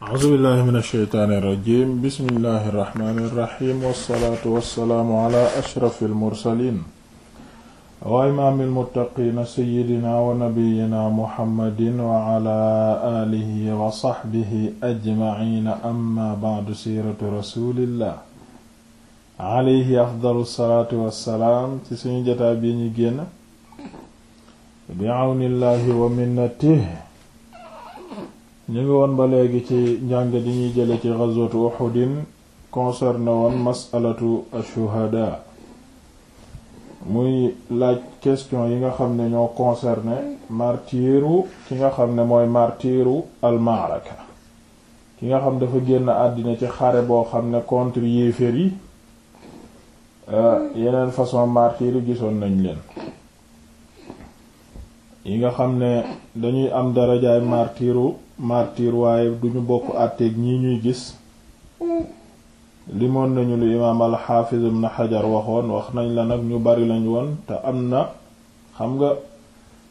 a'uuzu billahi min asheytaani irrajim bismillahi irrahmaani irrahim wassalaatu wassalaamu ala ashrafi almursalin wa imaami almuttaqiina seyidina wa nabiyina muhammadin wa ala alihi wa saxbihi ajmaciina amma bacdu siiratu rasulillah alayhi afdalu salaatu wassalaam ci suñu jataa bi ñu génn bi awnillahi wa minnatihi ñu ngi woon ba léegi ci njàng di ñuy jële ci ghazwatu Uhudin concerné woon masalatu ashuhada muy laaj question yi nga xam ne ñoo concerné martiru ki nga xam ne mooy martiru almaaraka ki nga xam dafa génn àddina ci xare boo xam ne contre yéeféer yi euh, yeneen façon martiru gisoon nañ leen yi nga xam ne dañuy am darajaay martiru martyr waaye duñu bokk àtteeg ñi ñuy gis limoon nañu lu imaam alxaafiz ibn xajar waxoon wax nañ la nag ñu bari lañ woon te am na xam nga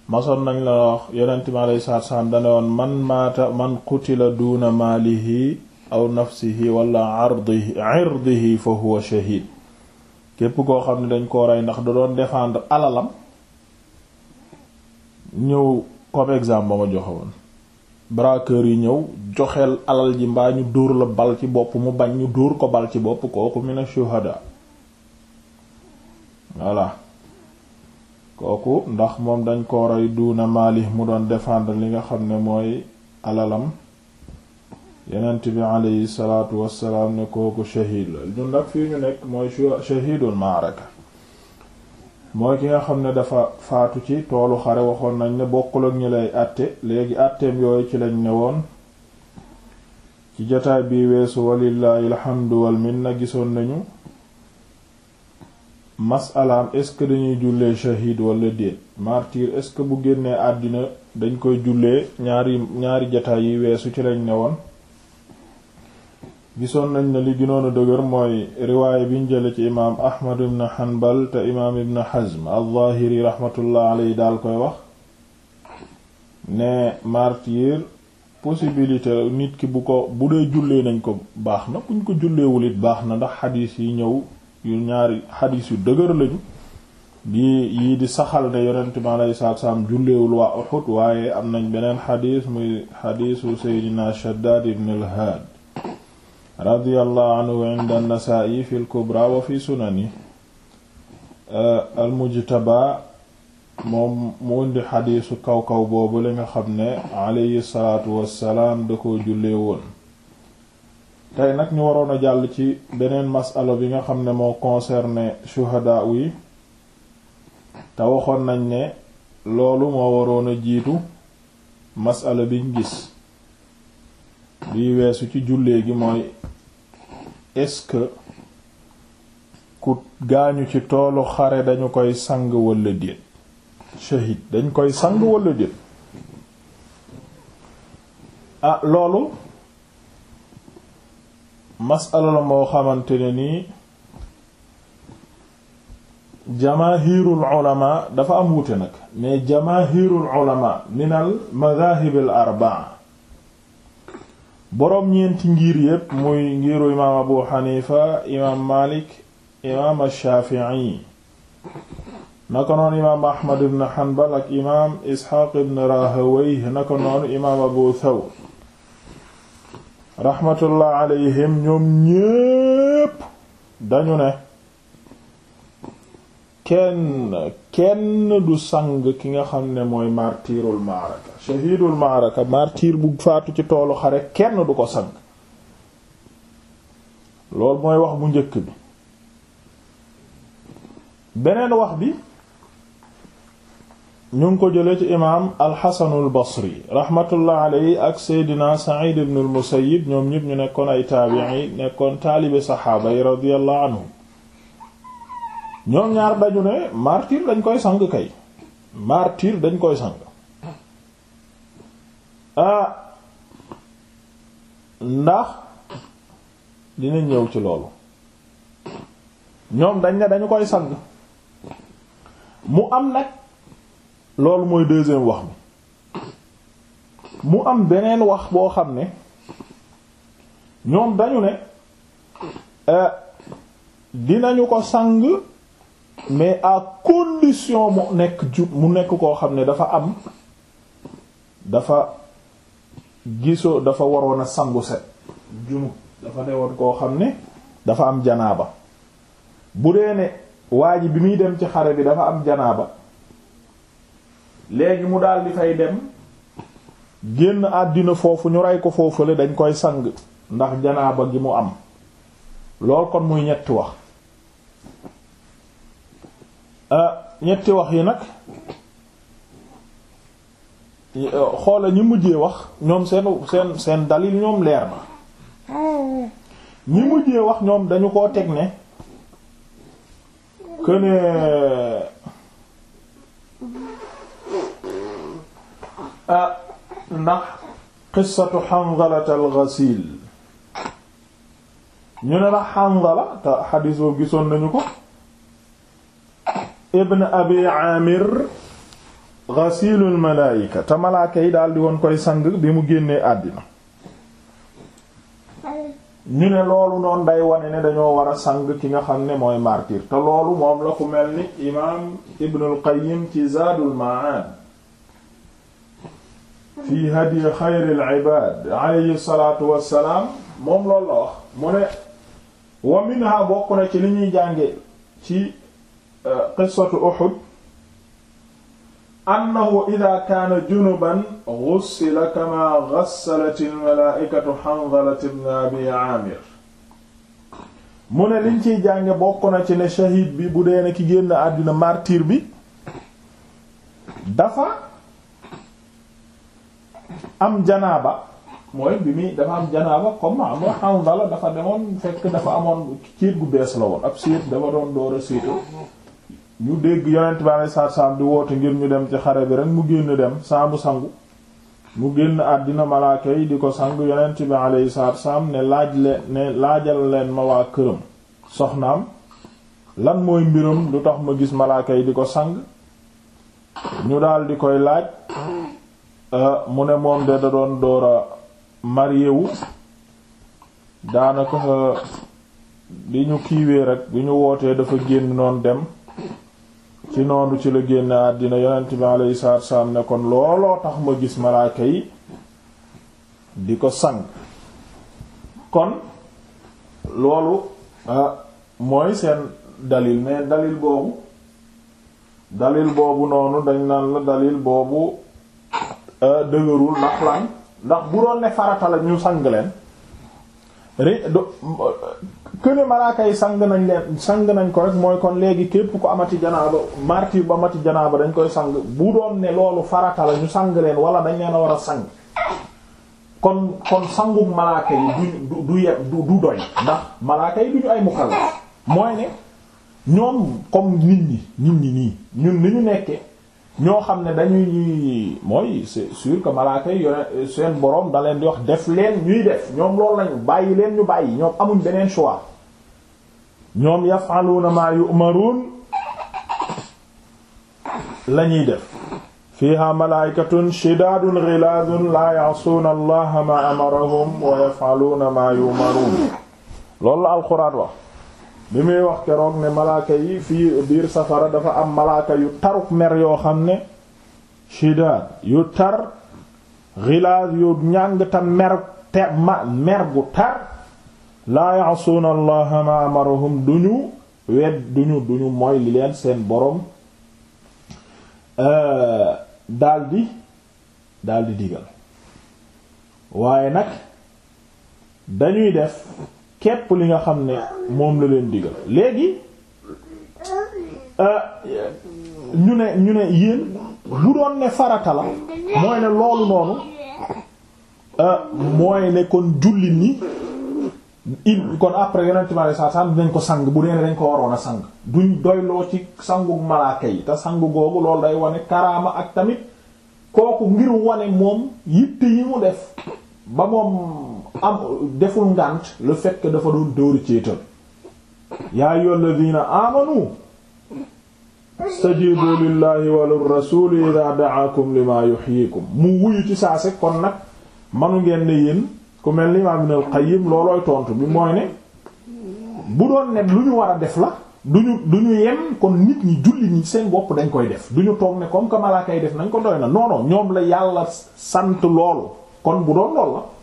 mason nañ la wax yonent mi alayhi salaatu salaam dane woon man maata man qutila duuna maalihi aw nafsihi wala ardihi fa huwa shahid képp koo xam ne dañ ko rey ndax da doon défendre alalam ñëw comme exemple ba ma joxe woon braqueur yi ñëw joxeel alal ji mbaa ñu dóor la bal ci bopp mu bañ ñu dóor ko bal ci bopp kooku mina shuhada voilà kooku ndax moom dañ ko rey na maali mu doon défendre li nga xam ne mooy alalam yenent bi aleyhi salaatu wassalaam ne kooku shahid la ñun nag fii ñu nekk mooy shahidul maaraka mooy ki nga xam ne dafa faatu ci toolu xare waxoon nañ ne bokkul ak ñi lay àtte léegi àtteem yooyu ci lañ ne woon ci jotaay bi weesu walillahi alhamdu wal na gisoon nañu masalaam est-ce que dañuy jullee shahid wala déet martyr est-ce que bu génnee àddina dañ koy jullee ñaari ñaari jotaay yi weesu ci lañ ne woon gisoon nañ ne li gënoon a dëgër mooy riwaaya biñ jële ci imaam ahmad ibn hanbal te imaam ibn hazm al-zahiri rahmatullah alayhi daal koy wax ne martyr possibilité nit ki bu ko bu dee jullee nañ ko baax na kuñ ko julleewul it baax na ndax xadiis yi ñëw yu ñaari xadiis yu dëgër lañu bi yii di saxal ne yonent mi alayhi salaatu julleewul waa Uhud waaye am nañ beneen xadiis muy xadiisu seydina Shaddaad ibn al-Haad radiyallahu anhu inda an-Nasaa'i fi al-Kubra wa fi sunani al-Mujtaba moom mu indi xadiisu kaw-kaw boobu li nga xam ne alayhi salaatu wassalaam da ko jullee woon tey nag ñu waroon a jàll ci beneen masala bi nga xam ne moo concerné shuhadaa wi te waxoon nañ ne loolu moo waroon a jiitu masala biñ gis bii weesu ci jullee gi mooy est-ce que ku gaañu ci toolu xare dañu koy sang walla déet dañ koy sang walla déet ah loolu masala la moo xamante ne nii jamaahirul ulama dafa am wute nag mais jamaahirul ulama minal madahib al arba'a boroom ñeenti ngir yépp muy ngiru imaam abu xanifa imaam malik imaam ashafii naka noonu imaam ahmad ibn hanbal ak imaam isxaaq ibn rahawey naka noonu imaam abu thawr raxmatullah alayhim ñoom ñépp dañu ne kenn kenn du sang ki nga xam ne mooy martirul maaraka shahidul maaraka martir bu faatu ci toolu xare kenn du ko sang lool mooy wax bu njëkk bi beneen wax bi ñu ngi ko jële ci imaam alxasanul basri rahmatullah alayhi ak seydina sa'id ibn al ñoom ñëpp ñu nekkoon ay taabi'i nekkoon taalibe saxaaba yi radiyallahu anhum ñoom ñaar dañu ne martyr dañ koy sang kay martyr dañ koy sang ah ndax dina ñëw ci loolu ñoom dañ ne dañu koy sang mu am nag loolu mooy deuxième wax mi mu am beneen wax boo xam ne ñoom dañu ne eh, dinañu ko sang mais à condition mu nekk ju mu nekk koo xam ne dafa am dafa gisoo dafa waroon a sangu set junub dafa newoon koo xam ne dafa am janaaba bu dee ne waa bi muy dem ci xare bi dafa am janaaba léegi mu daal di fay dem génn àddina foofu ñu rey ko foofule dañ koy sang ndax janaaba gi mu am lool kon muy ñetti wax Euh, ñetti wax yi nag xoola ñi mujjee wax ñoom seen seen seen dalil ñoom leer na ñi mujjee wax ñoom dañu koo teg ne que na ah ndax qissatu Hanzalata ñu ne la Hanzala te xadiis gisoon nañu ko ibn abi amir ghasilul malaayika te malaaka yi daal di woon koy sang bi mu génnee àddina ñu ne loolu noonu day wane ne dañoo war a sang ki nga xam ne mooy martyr te loolu moom la ku mel ni imaam ibnul qayyim ci zaadul ma'aad fi hadi xayril ibaad alayhi salaatu wassalaam moom loolu la wax mu ne wa minha bokk na ci li ñuy jànge ci qissatu Uhud annahu ida kaana junuban gussila kama gassalat almalaaikatu Hanzalat ibn Abi Aamir mu ne liñ ciy jànge bokk ci ne shahid bi bu dee ne ki génn àddina martyr bi dafa am janaaba mooy bi muy dafa am janaaba comme amoo Hanzala dafa demoon fekk dafa amoon ciit gu bees la woon ab siit dafa doon door a siitu ñu dégg yonent bi alei satu salaam di woote ngir ñu dem ci xare bi rek mu génn dem saabu sangu mu génn àddina malaaka yi di ko sang yonent bi aleyhi salaatu salaam ne laaj leen ne laajal leen ma waa këram soxnaam lan mooy mbiram lu tax ma gis malaaka yi di ko sang ñu daal di koy laaj euh, mu ne moom de da doon door a marié wu daanaka di ñu kiiwee rek bi ñu wootee dafa génn noonu dem ci noonu ci la génne àddina yonent bi alayhi salaatu wassalaam ne kon looloo tax ma gis malaaka yi di ko sang kon loolu ah, mooy seen dalil mais dalil boobu dalil boobu noonu dañ naan la dalil boobu ah, dëgërul ndax lan ndax bu doon ne farata ñu sang leen ri këne malaaka yi sang nañ leen sang nañ ko rek mooy kon léegi képp ku amati janaaba martir ba amati janaaba dañ koy sang bu doon ne loolu farata la ñu sang leen wala dañ leen a war a sang kon kon sangum malaaka yi du du du ndax malaaka yi du ñu ay mukallaf mooy ne ñoom comme nit ñi nit ñi nii ñun ni ñu nekkee ñoo xam ne dañuy mooy c'est sûr que malaaka yi seen boroom da leen di wax def leen ñuy def ñoom loolu lañu bàyyi leen ñu bàyyi ñoom amuñ beneen choix ñoom yaf'aluna ma yu'marun lañuy def fiha malaikatun shidadun ghiladun la ya'suna allaha ma amarahum wa yaf'aluna ma yu'marun loolu la alxuraan wax bi muy wax keroog ne malaaka yi fii biir safara dafa am malaaka yu taruk mer yoo xam ne shidaad yu tar xilaas yu ñàng ta mer te ma mer gu tar laa ya'suuna allaha ma amarahum duñu wet duñu duñu mooy li leen seen borom euh, daldi daldi digal waaye nag dañuy def képp li nga xam ne moom la leen digal léegi euh, ñu ne ñu ne yéen bu doon ne farata la mooy ne loolu noonu euh, mooy ne kon jullit ni il kon après yonent bi alayhi salaam dinañ ko sang bu dee dañ ko waroon a sang duñ doyloo ci sangu malaaka yi te sangu googu loolu day wane karaama ak tamit kooku ngir wane moom yitte yi mu def ba moom am deful ngànt le fekk que dafa doon dóori céetal yaa ayyuhal ladina amanu stajibu lillahi wa lirrasuli ida daakum lima yuhyikum mu wuyu ci saase kon nag manu ngeen ne yéen ku mel ni imaam Ibn al-Qayyim loolooy tontu bi mooy ne bu doon ne lu ñu war a def la duñu duñu yem kon nit ñi julli ñi seen bopp dañ koy def duñu toog ne comme que malaaka yi def nañ ko doy na non ñoom la yàlla sant lool kon bu doon lool la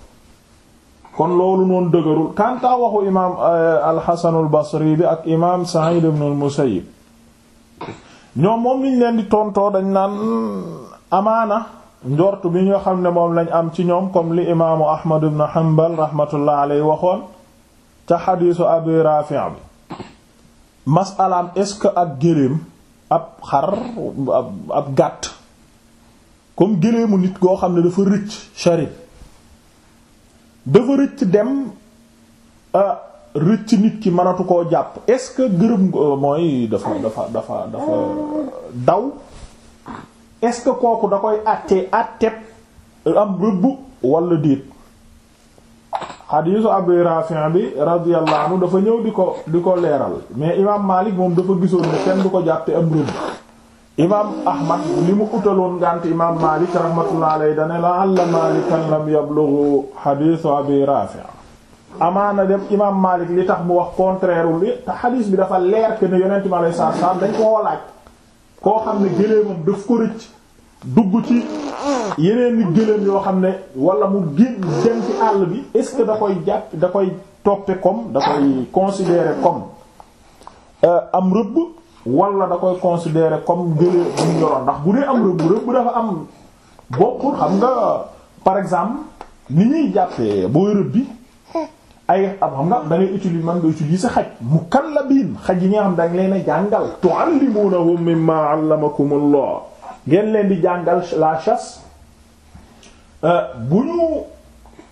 kon loolu noonu dëgërul kanta waxu imaam eh, alxasanul basri bi ak imaam sa'id ibn al musayyib ñoom moom liñ leen di tontoo dañ naan amaana njort bi ñoo xam ne moom lañ am ci ñoom comme li imaamu ahmad ibn hanbal rahmatullah alayhi waxoon ca xadiisu abi rafi' bi masalaam est-ce que ab géléem ab xar ab gàtt comme géléemu nit koo xam ne dafa rëcc sharib dafa rëcc dem ah, rëcc nit ki mënatu koo jàpp est-ce que gërëm euh, mooy dafa dafa dafa dafa daw est-ce que kooku da koy àttee àtteeb euh, am rëbb walla déet xadiisu Abi Rafi bi radiyallahu anhu dafa ñëw di ko di ko leeral mais imaam Maalik moom dafa gisoon ne kenn du ko jàppee am rëbb imaam ahmad li mu utaloon ngànt imaam malik rahmatullah alayhi dane la alla malikan lam yablughu xadisu abi rafi amaana dem imaam malik li tax mu wax contraire ul te xadis bi dafa leer que ne yonent mi alayhi salaatu dañ koo laaj koo xam ne gëléemam daf ko rëcc dugg ci yeneen ni gëléem yoo xam ne walla mu gén dem ci àll bi est ce que da koy jàpp da koy toppe comme da koy considérer comme euh, am rëbb wala da koy considérer comme gëlee buñ yoroon ndax bu dee am rëbb rëbb dafa am bokkul xam nga par exemple ni ñuy jàppee booy rëbb bi ay am xam nga da ngay utiliser man nga utiliser xaj mukallabiin xaj yi nga xam dañ leen a jàngal a tu'allimunahum mimma 'allamakumullah ngeen leen di jàngal la chasse euh, bu ñu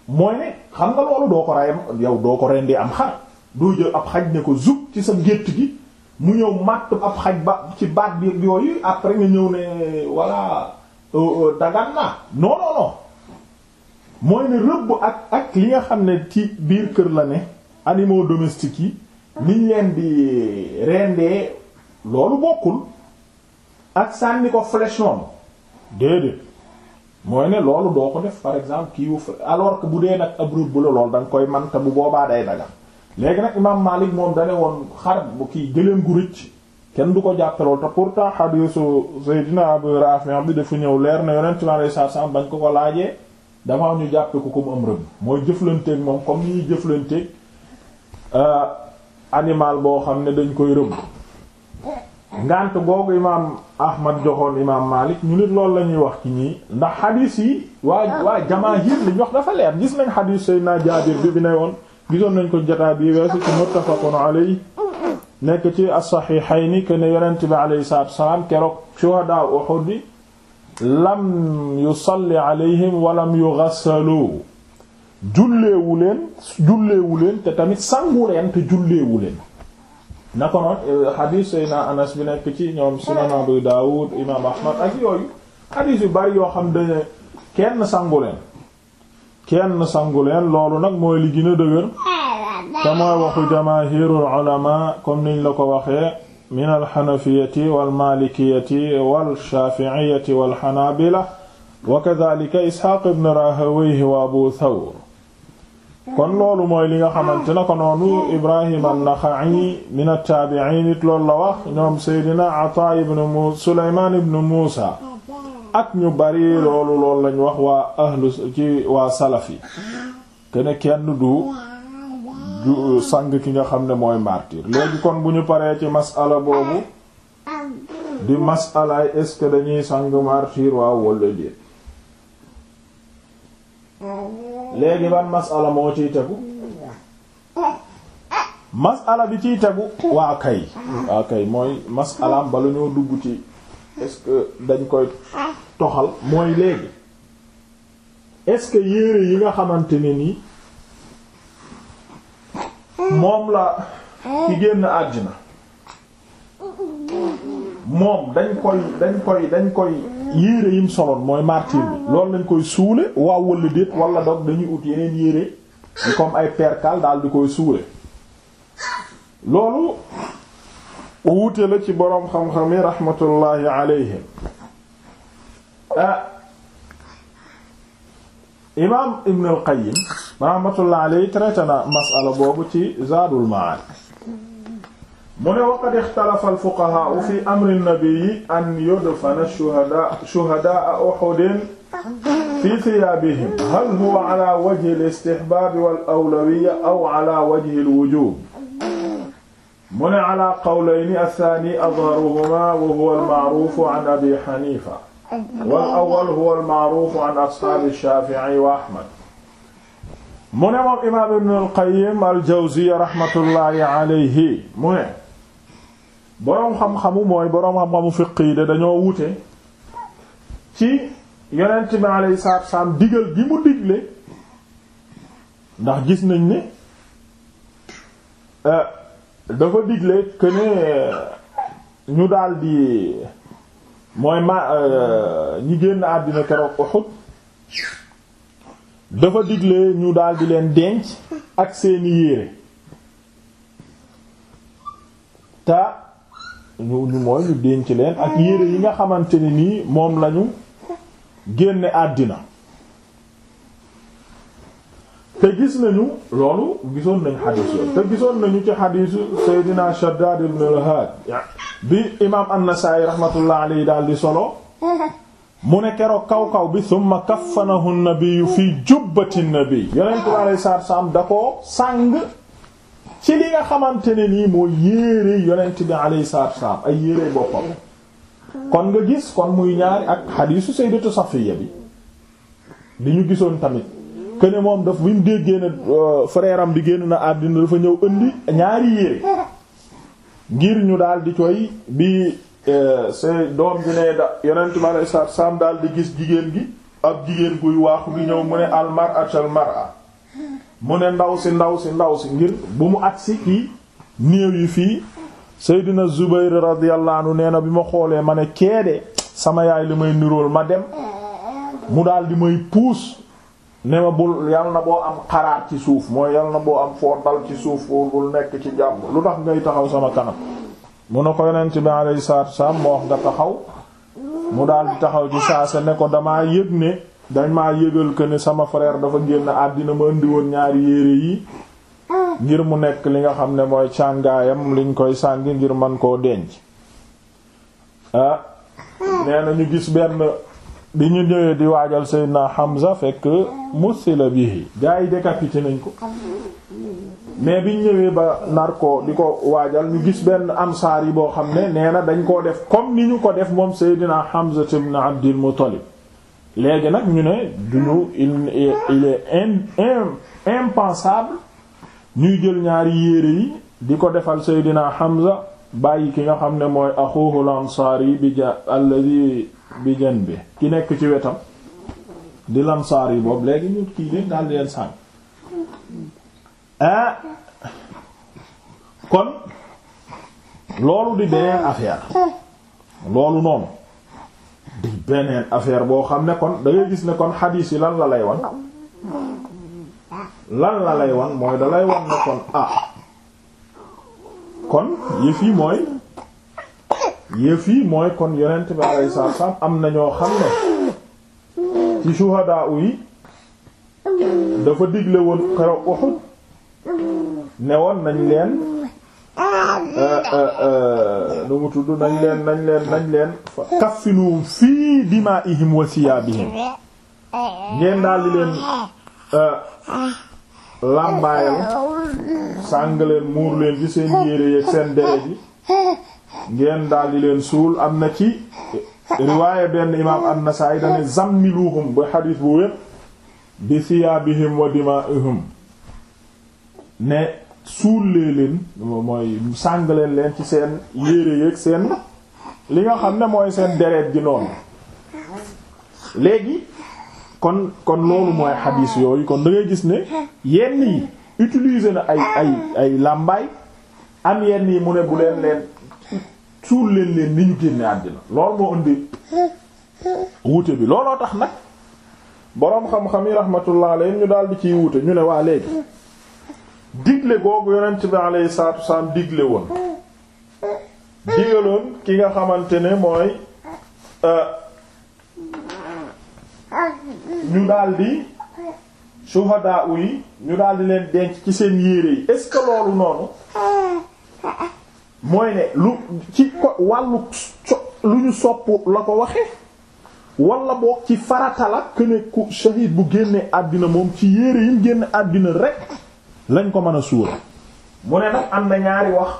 mooy ne xam nga loolu doo ko rey yow doo ko rendi am xar doo jël ab xaj ne ko zub ci sa gétt gi mu ñëw matt ab xaj ba ci baat bi yooyu après nga ñëw ne voilà euh, euh, dagan naa non non mooy ne rëbb ak ak li nga xam ne ci biir kër la ne animaux domestiques yi niñ leen di rendee loolu bokkul ak sànni ko flèche noonu déedéet mooy ne loolu doo ko def par exemple kii wu alors que bu dee nag ab rëbb la loolu da nga koy manta bu boobaa day dagan léegi nag imaam Maalik moom dane woon xar bu kii gëléem gu rëcc kenn du ko jàppalool te pourtant hadiisu dina Abu Raafi bi dafa ñëw leer na yonent mi alayhi salaatu salaam bañ ko ko laajee dafa ñu jàppe ko comme am rëbb mooy jëflanteeg moom comme ni ñuy jëflanteeg euh, animal boo xam ne dañ koy rëbb ngànt googu imaam Ahmad joxoon imaam Maalik ñu nit lool la ñuy wax ci ñii ndax xadiis yi waa waa jamaahir li ñu wax dafa leer gis nañ xadiis Seydina Jaabir bi bi ne woon gisoon nañ ko jotaay bii weesu ci muttafaqun alayhi nekk ci as-sahihayni ne yonent bi alayhi salaatu wassalaam keroog shuhadaa Uhud bi lam yusalli alayhim wa lam yughassalu julleewu leen julleewu leen te tamit sangu leen te julleewu leen na ko noon eh, xadiis sayna anas bi nekk ci ñoom sunan abu daawud imaam ahmad ak yooyu xadiis yu bari yoo xam dañu kenn sangu leen kenn sangu leen loolu nag mooy dëgër te mooy waxu jamaahirul ulama comme niñ la ko waxee min alxanafiyati walmalikiyati walshaafiiyati walxanaabila wa kadhalika isxaaq ibn rahawayhi wa abu kon loolu mooy li nga xamante ko noonu ibrahim an-naxa'i min at-taabi'iin it la wax ñoom seydina ataa ibn suleymaan ibn muusa ak ñu bari loolu lool lañ wax waa ahlu ci waa salaf yi kenn du du sang ki nga xam ne mooy martyr léegi kon bu ñu paree ci masala boobu di masala yi est-ce que dañuy sang martyr waaw walla déet léegi ban masala moo ciy tegu masala bi ciy tegu waa kay waa kay mooy masalaam bala ñoo dugg ci est-ce que dañ koy toxal mooy léegi est-ce yére yi nga xamante ne nii moom la ci génn àddina moom dañ koy dañ koy dañ koy yére yim soloon mooy martyr bi loolu dañ koy suule waaw wala déet wala doog dañuy ut yeneen yére comme ay percale daal di koy suule loolu wuute la ci boroom xam-xam yi raxmatullaahi alayhim ah imaam Ibn al-Qayyim raxmatullaahi alayhi traité na masala boobu ci Zaadul Ma'aad mu ne waqad ixtalafa al-fuqahaa'u fi amri an-nabiyyi an yudfana shuhadaa shuhadaa Uhud fi thiyaabihim hal huwa ala wajhi al-istihbaab wal-awlawiyya aw ala wajhi al-wujuub mu ne ala qawlayni athani adharuhuma wa huwa al-ma'rufu an abi hanifa wal awwal huwa al-ma'rufu an ashaabi shaafi'i wa ahmad mu ne moom imaam ibn al-qayyim al-jawziyya rahmatullahi alayhi mu ne boroom xam-xamu mooy boroom xam-xamu fiq yi de dañoo wute ci yonent bi alayhi salaatu wassalaam digal gi mu digle ndax gis nañ ne euh, dafa digle que euh, ñu daal di mooy ma euh, ñi génn àddina keroog Uhud dafa digle ñu daal leen denc ak seeni yére ta ñu ñu mooy ñu denc leen ak yére yi nga xamante ne nii moom lañu génne àddina te gis nañu loolu gisoon nañu xadiis yooyu te gisoon nañu ci xadiisu Seydina Shaddad ibn al bi imaam an-Nasaa'i rahmatullah alayhi solo mu ne keroog kaw kaw bi summa kaffanahu an-nabiyyu fii jubbati an-nabiy yonent bi alayhi salaatu salaam da koo sàng ci li nga xamante ne nii mooy yéere yonent bi alayhi salaatu salaam ay yéere boppam kon nga gis kon muy ñaari ak xadiisu Sayyidatu Safiyya bi li ñu gisoon tamit. que moom daf bi mu déggee ne euh, frère bi génn na àddina dafa ñëw indi ñaari yére ngir ñu daal di coy bi euh, say doom bi ne da yonent mi aleyhi salaatu salaam daal di gis jigéen gi ab jigéen guy waaxu gi ñëw mu ne almar atal mara mu ne ndaw si ndaw si ndaw si ngir bu mu agsi ci néew yi fii Seydina Zubayr radiyallahu anhu nee na bi ma xoolee ma ne keede sama yaay li may nirool ma dem mu daal may puus ne ma bul yal na boo am xaraar ci suuf mooy yal na boo am foo dal ci suuf foo bul nekk ci jàmm lu tax ngay taxaw sama kanam mu ne ko yonent bi alayhi salaatu wassalaam moo wax nga taxaw mu daal di taxaw ci saa sa ne ko damaa yëg ne dañ maa yëgal que ne sama frère dafa génn àddina ma indi woon ñaari yére yi ngir mu nekk li nga xam ne mooy càngaayam liñ koy sàngi ngir man koo denc ah na ñu gis benn bi ñu ñëwee di waajal Seydina Hamza fekk musila bihi gaa yi décapité nañ ko mais biñ ñëwee ba nar ko di ko waajal ñu gis benn ansaar yi boo xam ne nee na dañ koo def comme ni ñu ko def moom Seydina Hamza ibn Abdul Muttalib léegi nag ñu ne duñu il il est impensable ñuy jël ñaari yére yi di ko defal Seydina Hamza bàyyi ki nga xam ne mooy axuuhul ansaar yi bi ja alladhi bi gen bi ki nekk ci wetam di lansaar yi boobu léegi ñu kii leen daal di leen sànq ah! kon loolu di beneen affaire loolu noonu di beneen affaire boo xam ne kon da gis ne kon xadiis yi lan la lay wan lan la lay wan mooy dalay lay wan ne kon ah kon yëf yi mooy. yëf yi mooy kon yonent bi alayhi salaam am na ñoo xam ne ci shuhadaa yi dafa digle woon keroog Uhud ne woon nañ leen euh, euh, euh, nu mu tudd nañ leen nañ leen nañ leen kaffinuhum fii dimaa'ihim wa siyaabihim ngeen daal di leen làmbaayal sàng leen muur leen ci seen yére yeeg seen deret yi ngeen daal di leen suul am na ci riwaaya benn imaam an-Nasaa'i dane zammiluhum ba xadiis bu wér bi siyaabihim wa dimaa'ihim ne suulee leen mooy sàngaleen leen ci seen yére yeeg seen li nga xam ne mooy seen deret gi noonu léegi kon kon loolu mooy xadiis yooyu kon da gis ne yenn yi utilise na ay ay ay làmbaay am yenn yi mu ne bu leen leen suul leen leen ni ñu génne àddina loolu moo indi wute bi looloo tax nag boroom xam-xam yi rahmatullah alayhi ñu daal di ciy wute ñu ne waa léegi digle googu yonent bi alayhi salaatu wasalaam digle woon digaloon ki nga xamante ne mooy euh, ñu daal di suhadaa yi ñu daal leen denc ci seen yére yi est-ce que loolu noonu mooy ne lu ci ko wàllu lu ñu sopp la ko waxe wala boog ci farata la que ku shahid bu génne àddina moom ci yére yim génn àddina rekk lañ ko mën a suura mu ne nag am na ñaari wax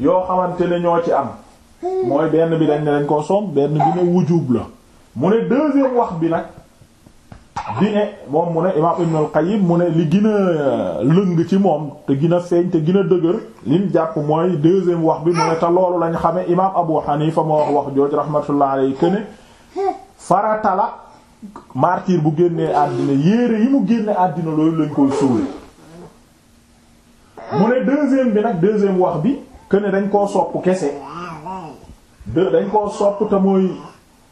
yoo xamante ne ñoo ci am mooy benn bi dañ ne lañ ko som benn bi ne wujub la mu ne deuxième wax bi nag bi moom mu ne imaam Ibn al-Qayyim mu ne li gina a lëng ci moom te gën a feeñ te gën a dëgër lim jàpp mooy deuxième wax bi mu ne te loolu lañ xamee imaam Abu Hanifa moo wax wax jooj rahmatullah alayhi këne faratala martyr bu génnee àddina yére yi mu génne àddina loolu lañ koy suul mu ne deuxième bi nag deuxième wax bi këne dañ koo sopp kese dañ koo sopp te mooy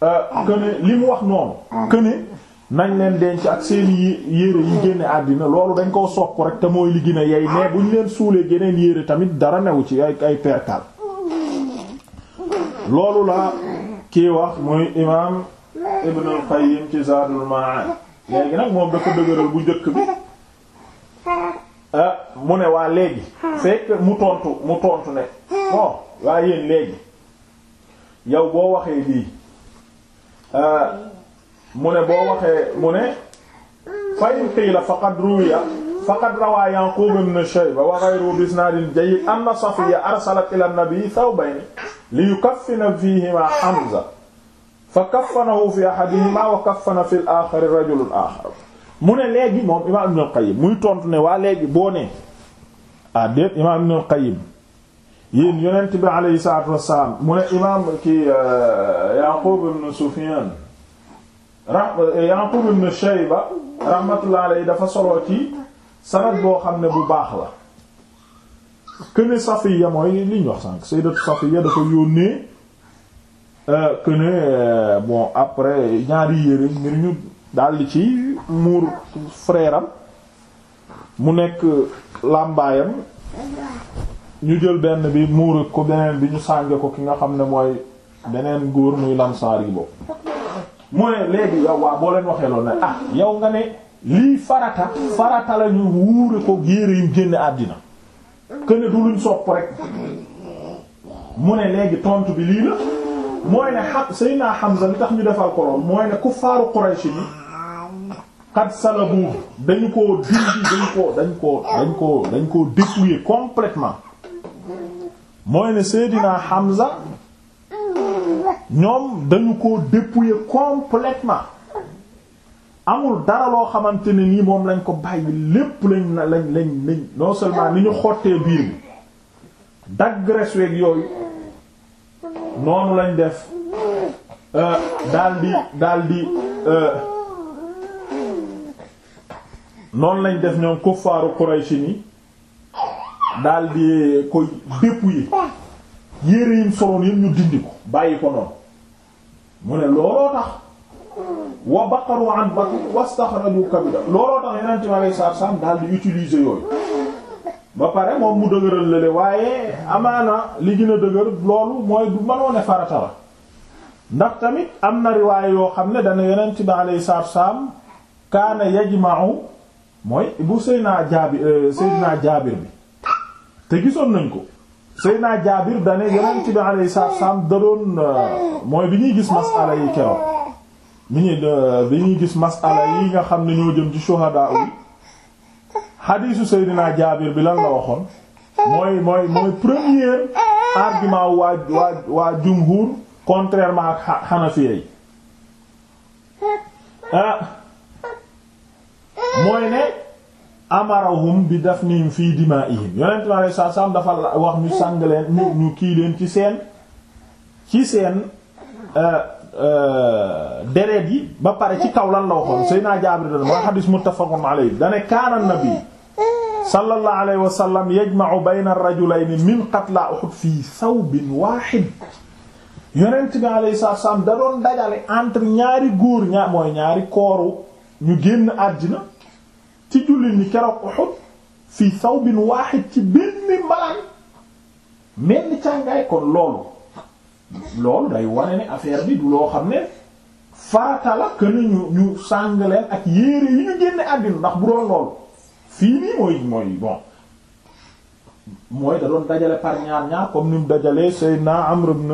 këne euh, li mu wax noonu këne nañ leen denc ak seen yére yi génne àddina loolu dañ koo sopp rek te mooy li gën a bu mais leen suulee geneen yéere tamit dara newu ci ay ay perkal loolu la kii wax muy imaam Ibn al ci Zaadul Ma'aad léegi nag moom dafa dëgëral bu njëkk bi ah mu ne waa léegi fekk mu tontu mu tontu ne bon waa yéen léegi yow boo waxee lii. Ah, mu ne boo waxee mu ne fa in qiila faqad ruwiya faqad rawaa Yaqub ibn Shayba wa ghayruhu bi isnaadin jayyid anna Safiyya arsalat ila an-nabi thawbayni liyukaffina fiihimaa Hamza fakaffanahu fi ahadihimaa wa kaffana fi al-aakhar rajulun aakhar mu ne léegi moom imaam Ibn al-Qayyim muy tontu ne waa léegi boo ne ah déet imaam Ibn al-Qayyim yéen yonent bi alayhi salaatu wa salaam mu ne imaam ki euh, Yaqub ibn Sufyaan Eh, Yaqub ibn Shayba rahmatullah alayhi dafa solo ci sanad boo xam ne bu baax la këne Safiya mooy li ñu wax sànq sayyidatu Safiya dafa yónnee euh, këne euh, bon après ñaari yére ngir ñu daldi ci muur frère mu nekk làmbaayam ñu jël benn bi muur ko beneen bi ñu sànge ko ki nga xam ne mooy beneen góor muy lamsaar yi boobu mu ne léegi yow waa boo leen waxee loolu nag ah yow nga ne lii farata farata la ñu wuure ko géere yu génn àddina këne du luñ sopp rek mu ne léegi tontu bi lii la mooy ne xam Seydina Hamza li tax ñu defal ko lool mooy ne kuffaaru Quraysh ni qad salabu dañu koo dindi dañu ko dañ ko dañ ko dañ koo dépouiller complètement mooy ne Seydina Hamza ñoom dañu ko dépouiller complètement amul dara loo xamante ni nii moom lañ ko bàyyi lépp lañ lañ lañ lañ non seulement ni ñu xottee biir bi dagg resweeg yooyu noonu lañ def euh, daldi daldi euh, noonu lañ def ñoom kuffaaru Quraysh ni daldi koy dépouiller yére yim soloon yépp ñu dindi ko bàyyi ko noonu mu ne looloo tax wa baqaru an bakr wastakhraju kabida looloo tax yeneen ci ma saar saam daal di utiliser yooyu ba pare moom mu dëgëral lële waaye amaana li gën a dëgër loolu mooy du mënoo farata la ndax tamit am na riwaay yoo xam ne dana yeneen ci ma saar saam kaana yajma'u mooy bu Seydina Jaabir euh, Seydina Jaabir bi te gisoon nañ ko Seydina Jaabir dane yonent bi alayhi salaatu wa da doon euh, mooy bi ñuy gis masala yi keroog bi ñuy euh, bi ñuy gis masala yi nga xam ne ñoo jëm ci shuhadaa yi xadiisu Seydina Jaabir bi lan la waxoon mooy mooy mooy premier argument waa waa jumhur contrairement ak Hanafiya yi ah, mooy ne amarahum bi dafnihim fii dimaa'ihim yonent ma saa dafa wax ñu sàng leen ñu kii leen ci seen ci seen euh, euh, deret yi ba pare ci kaw lan la waxoon Seydina Jaabir dana mooy xadiis muttafaqun alayhi dane kaana nabi sallallahu alayhi wa sallam yajma'u bayna ar-rajulayni min qatla Uhud fii thawbin waahid yonent bi alayhi salaam da doon entre ñaari góor ñaari kooru ñu génn àddina ci jullit ñi keroog Uhud fii sawbin waahid ci benn mbalaan menn càngaay kon loolu loolu day wane ne affaire bi du loo xam ne farata la que ni ñu sàng leen ak yére yi ñu génne àddina ndax bu doon loolu fii nii mooy mooy bon da doon dajale par ñaar ñaar comme ni mu dajalee Seydina Amr ibn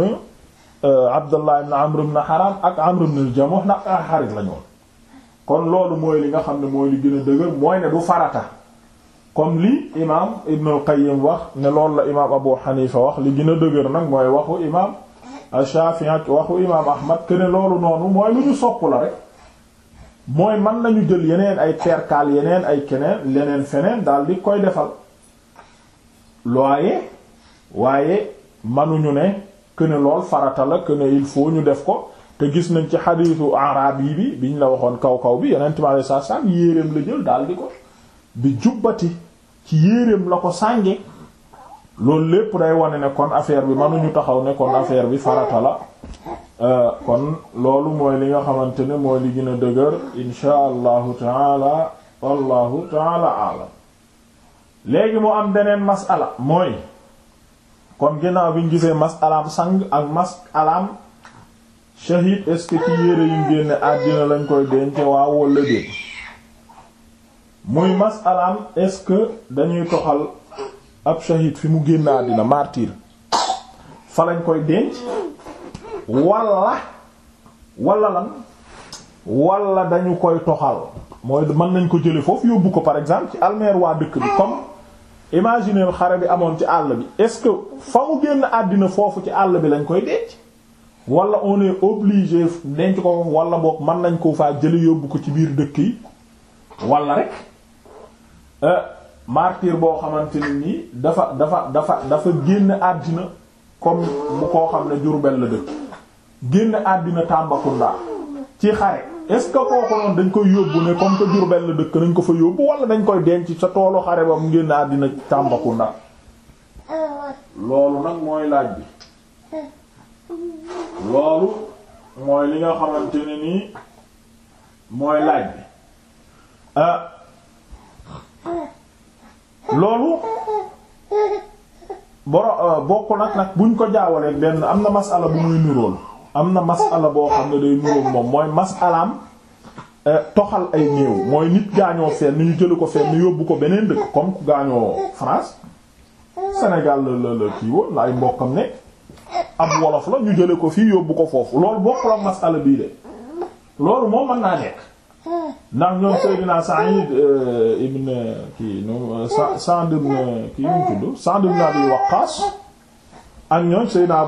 euh, Abdullah ibn Amr ibn Haram ak Amr ibn al ndax xarit la ñoon kon loolu mooy li nga xam ne mooy li gën a dëgër mooy ne du farata comme li imaam Ibn al-Qayyim wax ne loolu la imaam Abu Hanifa wax li gën a dëgër nag mooy waxu imaam Shafi'i ak waxu imaam Ahmad que ne loolu noonu mooy lu ñu sopp la rek mooy man nañu jël yeneen ay perkaal yeneen ay keneen leneen feneen daal di koy defal looye waaye mënuñu ne que lool farata la que il faut ñu def ko. te gis nañ ci xadiisu araab yi bi biñ la waxoon kaw kaw bi yonent mi alayhi salaatu salaam yéeréem la jël daal ko bi jubbati ci yéeréem la ko sànge loolu lépp day wane ne kon affaire bi mënuñu taxaw ne kon affaire bi farata la euh, kon loolu mooy li nga xamante ne mooy li gën a dëgër insha allahu taala wallahu taala alam léegi moo am beneen masala mooy kon ginnaaw bi gisee masalaam sang ak masalaam shahid est-ce que ci yére yum génne àddina lañ koy denc waaw walla déet muy masalaam est-ce que dañuy toxal ab shahid fi mu génne àddina martyr fa lañ koy denc walla walla lan walla dañu koy toxal mooy mën nañ ko jële foofu yóbbu ko par exemple ci almeer waa dëkk bi comme imaginer xare bi amoon ci àll bi est-ce que fa mu génn àddina foofu ci àll bi lañ koy denc wala on est obligé denc ko wala boog man nañ ko faa jële yóbbu ko ci biir dëkk yi walla rek euh, martyr boo xamante ne nii dafa dafa dafa dafa génn àddina comme bu koo xam ne Jurbel la dëkk génn àddina Tambacounda ci xare est-ce que kooku noonu dañ koy yóbbu ne comme que Jurbel la dëkk nañ ko fa yóbbu wala dañ koy denc sa toolu xare ba mu génn àddina Tambacounda euh, loolu nag mooy laaj bi euh. loolu mooy li nga xamante ne nii mooy laaj bi ah loolu boro euh, bokk nag nag buñ ko jaawalee benn am na masala bu muy nirool am na masala boo xam ne day nirool moom mooy masalaam euh, toxal ay néew mooy nit gaañoo fenn ñu jëlu ko fenn yóbbu ko beneen dëkk comme ku gaañoo France Sénégal la la la kii ay mbokkam nekk am wolof la ñu jële ko fii yóbbu ko foofu loolu bokk la masala bii de loolu moom mën naa nekk ndax ñoom Seydina Sa'id euh, ibn kii ñoom Sa'd ibn kii ñu tudd Sa'd ibn Abi Waqqas ak ñoom Seydina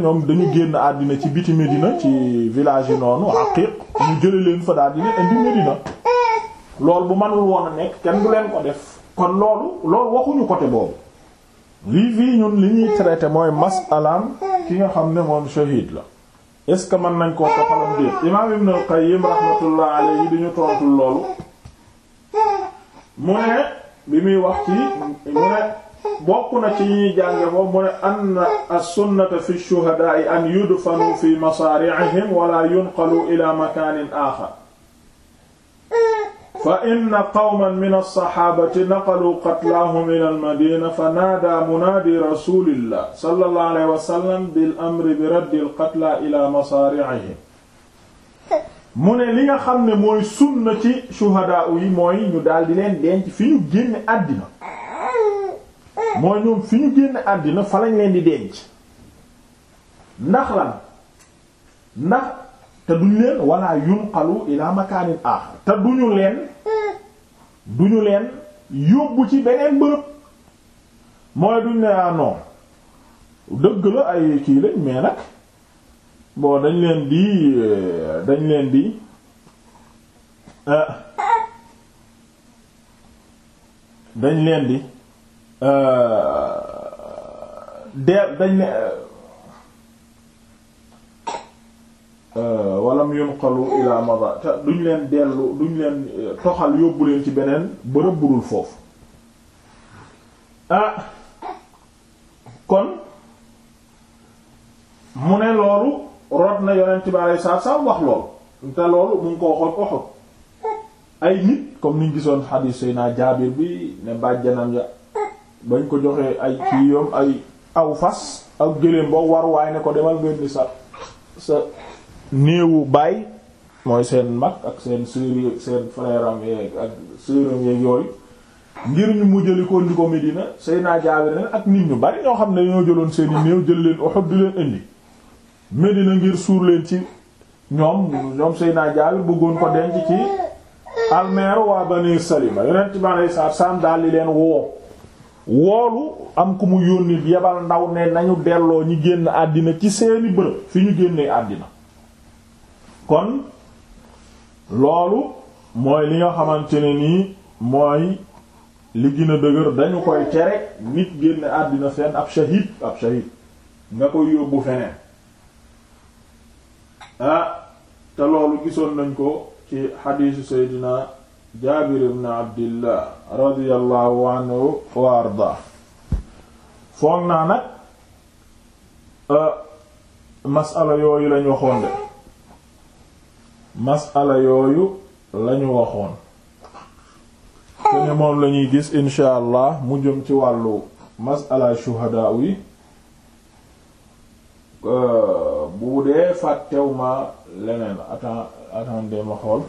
ñoom dañu génn àddina ci biti Medina ci village yi noonu Aqiq ñu jële leen fa daal indi Medina loolu bu mënul woon a nekk kenn du leen ko def kon loolu lool waxuñu côté boobu lii fii ñun li ñuy traité mooy masalaam ki nga xam ne moom shahid la est ce que mën nañ ko toxalam déet imaam Ibn al-Qayyim rahmatullah alayhi di ñu tontu loolu mu ne bi muy wax ci mu ne bokk na ci ñuy jànge foofu mu ne anna as-sunnata fi ash-shuhada'i an yudfanu fi masari'ihim wala yunqalu ila makanin akhar fa inna qawman min alsaxaabati naqaluu qatlaahum ila almadina fa naadaa munaadi rasulillah sallallahu alayhi wa sallam bil amri bi raddi alqatla ila masaaricihim mu ne li nga xam ne mooy sunna ci shuhadaa yi mooy ñu daal di leen denc fi ñu génn àddina mooy ñoom fi ñu génn àddina fa lañ leen di denc ndax lan ndax te duñu leen wala yunqalu ila makaanin aaxar te duñu leen duñu leen yóbbu ci beneen bërëb mooy duñ ne ah non dëgg la ay kii lañ mais nag bon dañ leen di euh, dañ leen di euh, dañ leen di euh, de dañ ne Euh, walam yunqalu ila mada te duñ leen dellu duñ leen euh, toxal yóbbu leen ci beneen bërëb budul foofu ah kon mu ne loolu rot na yonent bi alei saatu salaam wax loolu te loolu mu ko waxoon waxut ay nit comme niñ gisoon xadiis naa Jaabir bi ne bàjjanam ya bañ ko joxee ay kii yoom ay aw fas ak gëléem boo war waay ne ko demal gën ni sa néewu baay mooy seen mag ak seen sœur seen frère am ak sœur am yooyu ngir mu jëli ko indi ko Medina Seydina Jaabir ne ak nit ñu bari ñoo xam ne ñoo jëloon seeni néew jël leen Uhud di leen indi Medina ngir suur leen ci ñoom ñoom Seydina Jaabir bëggoon ko denc ci almeeru waa Bani Salima yonent bi alayhi salaam daal di leen woo woolu am ku mu yónni yebal ndaw ne nañu delloo ñi génn àddina ci seeni bërëb fi ñu génnee àddina kon loolu mooy li nga xamante ne nii mooy li gën a dëgër dañu koy tere nit génne àddina seen ab shahid ab shahid nga koy yóbbu feneen ah, te loolu gisoon nañ ko ci xadiisu seydina jaabir ibn abdillah radiallahu anhu wa arda foog naa nag ah, masala yooyu lañ waxoon masala yooyu lañu waxoon kene oh. moom lañuy gis incha allah mu jëm ci wàllu masala shuhadaa yi euh, bu dee fàttew ma leneen attend attendez ma xool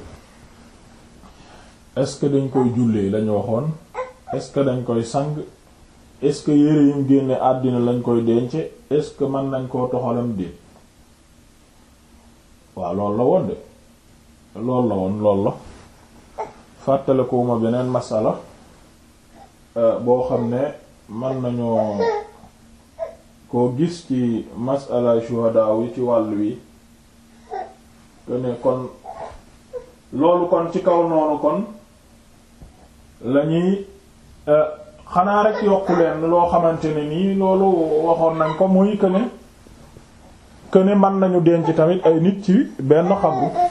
est-ce que dañ koy jullee lañu waxoon est-ce que dañ koy sang est-ce que yére génne àddina lañ koy denc est-ce que mën nañ koo toxalam déet waaw loolu la woon de lool la woon lool la fàttalekuma beneen masala euh, boo xam ne man nañoo koo gis ci masala shuhada yi ci wàll wi te ne kon loolu kon ci kaw noonu kon lañuy euh, xanaa rek yokku leen loo xamante ne nii loolu waxoon nañ ko muy këne këne mën nañu denc tamit ay nit ci benn xabru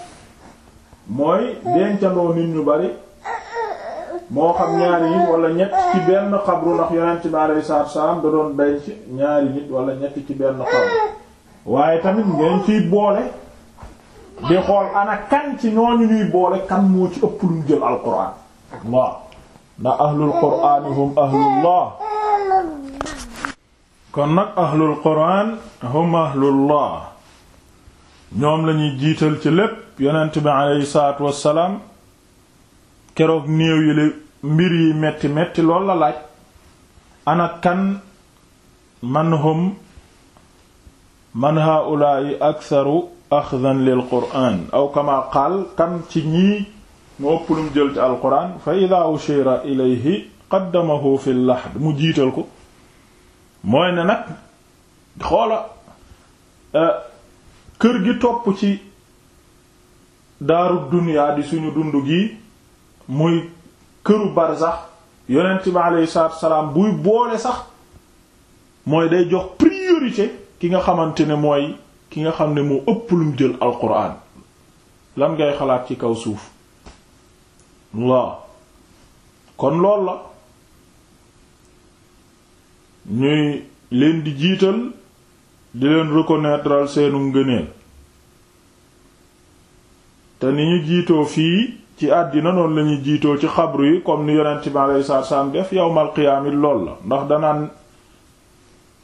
mooy dencandoo nit ñu bari moo xam ñaari nit walla ñett ci benn xabru ndax yonent bi alayhi salaatu salaam da doon denc ñaari nit wala ñett ci benn xabru waaye tamit ngeen ciy boole di xool ana kan ci ñooñu ñuy boole kan moo ci ëpp lu mu jël alquran waaw ndax ahlul qur'an hum ahlullah kon nag ahlul qur'an ahlullah ñoom lañuy jiital ci lépp yonent bi aleyhi wassalaam keroog néew yi li mbir yi metti metti lool la laaj ana kan man hum man haulaai aktharu axdan lil quraan aw kama qaal kan ci ñii mu ëpp jël ci alquraan fa ida ushira ilayhi qaddamahu fi lahd mu jiital ko mooy ne nag xoola euh, kër gi topp ci daaru duniyaa di suñu dund gi muy këru barzax yonent bi aleyhi salaatu buy boole sax mooy day jox priorité ki nga xamante ne mooy ki nga xam ne moo ëpp lum jël alxuraan lan ngay xalaat ci kaw suuf waaw kon lool la ñuy leen di jiital di leen reconnaître seenu ngëneel te ni ñu jiitoo fii ci àddina noonu lañuy jiitoo ci xabru yi comme ni yonent bi alayhi salaam def yawmal qiyaamit lool la ndax danaan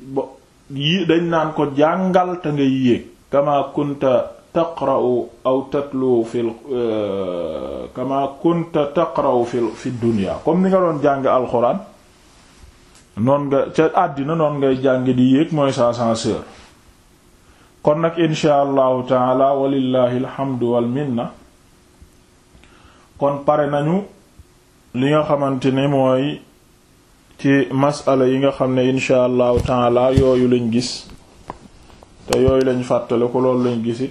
bo yi dañ naan ko jàngal te ngay yéeg kama kunta aw tatlu fil euh, kama kunta taqra'u fi fi dunya comme ni nga doon jàng alxuraan noon nga ca àddina noon ngay jàng di yéeg mooy sa ascenseur kon nag insha allahu taala walillahi alhamdu wal minna kon pare nañu li nga xamante ne mooy ci masala yi nga xam ne insha allahu taala yooyu lañ gis te yooyu lañu fàttale ko loolu lañ gisit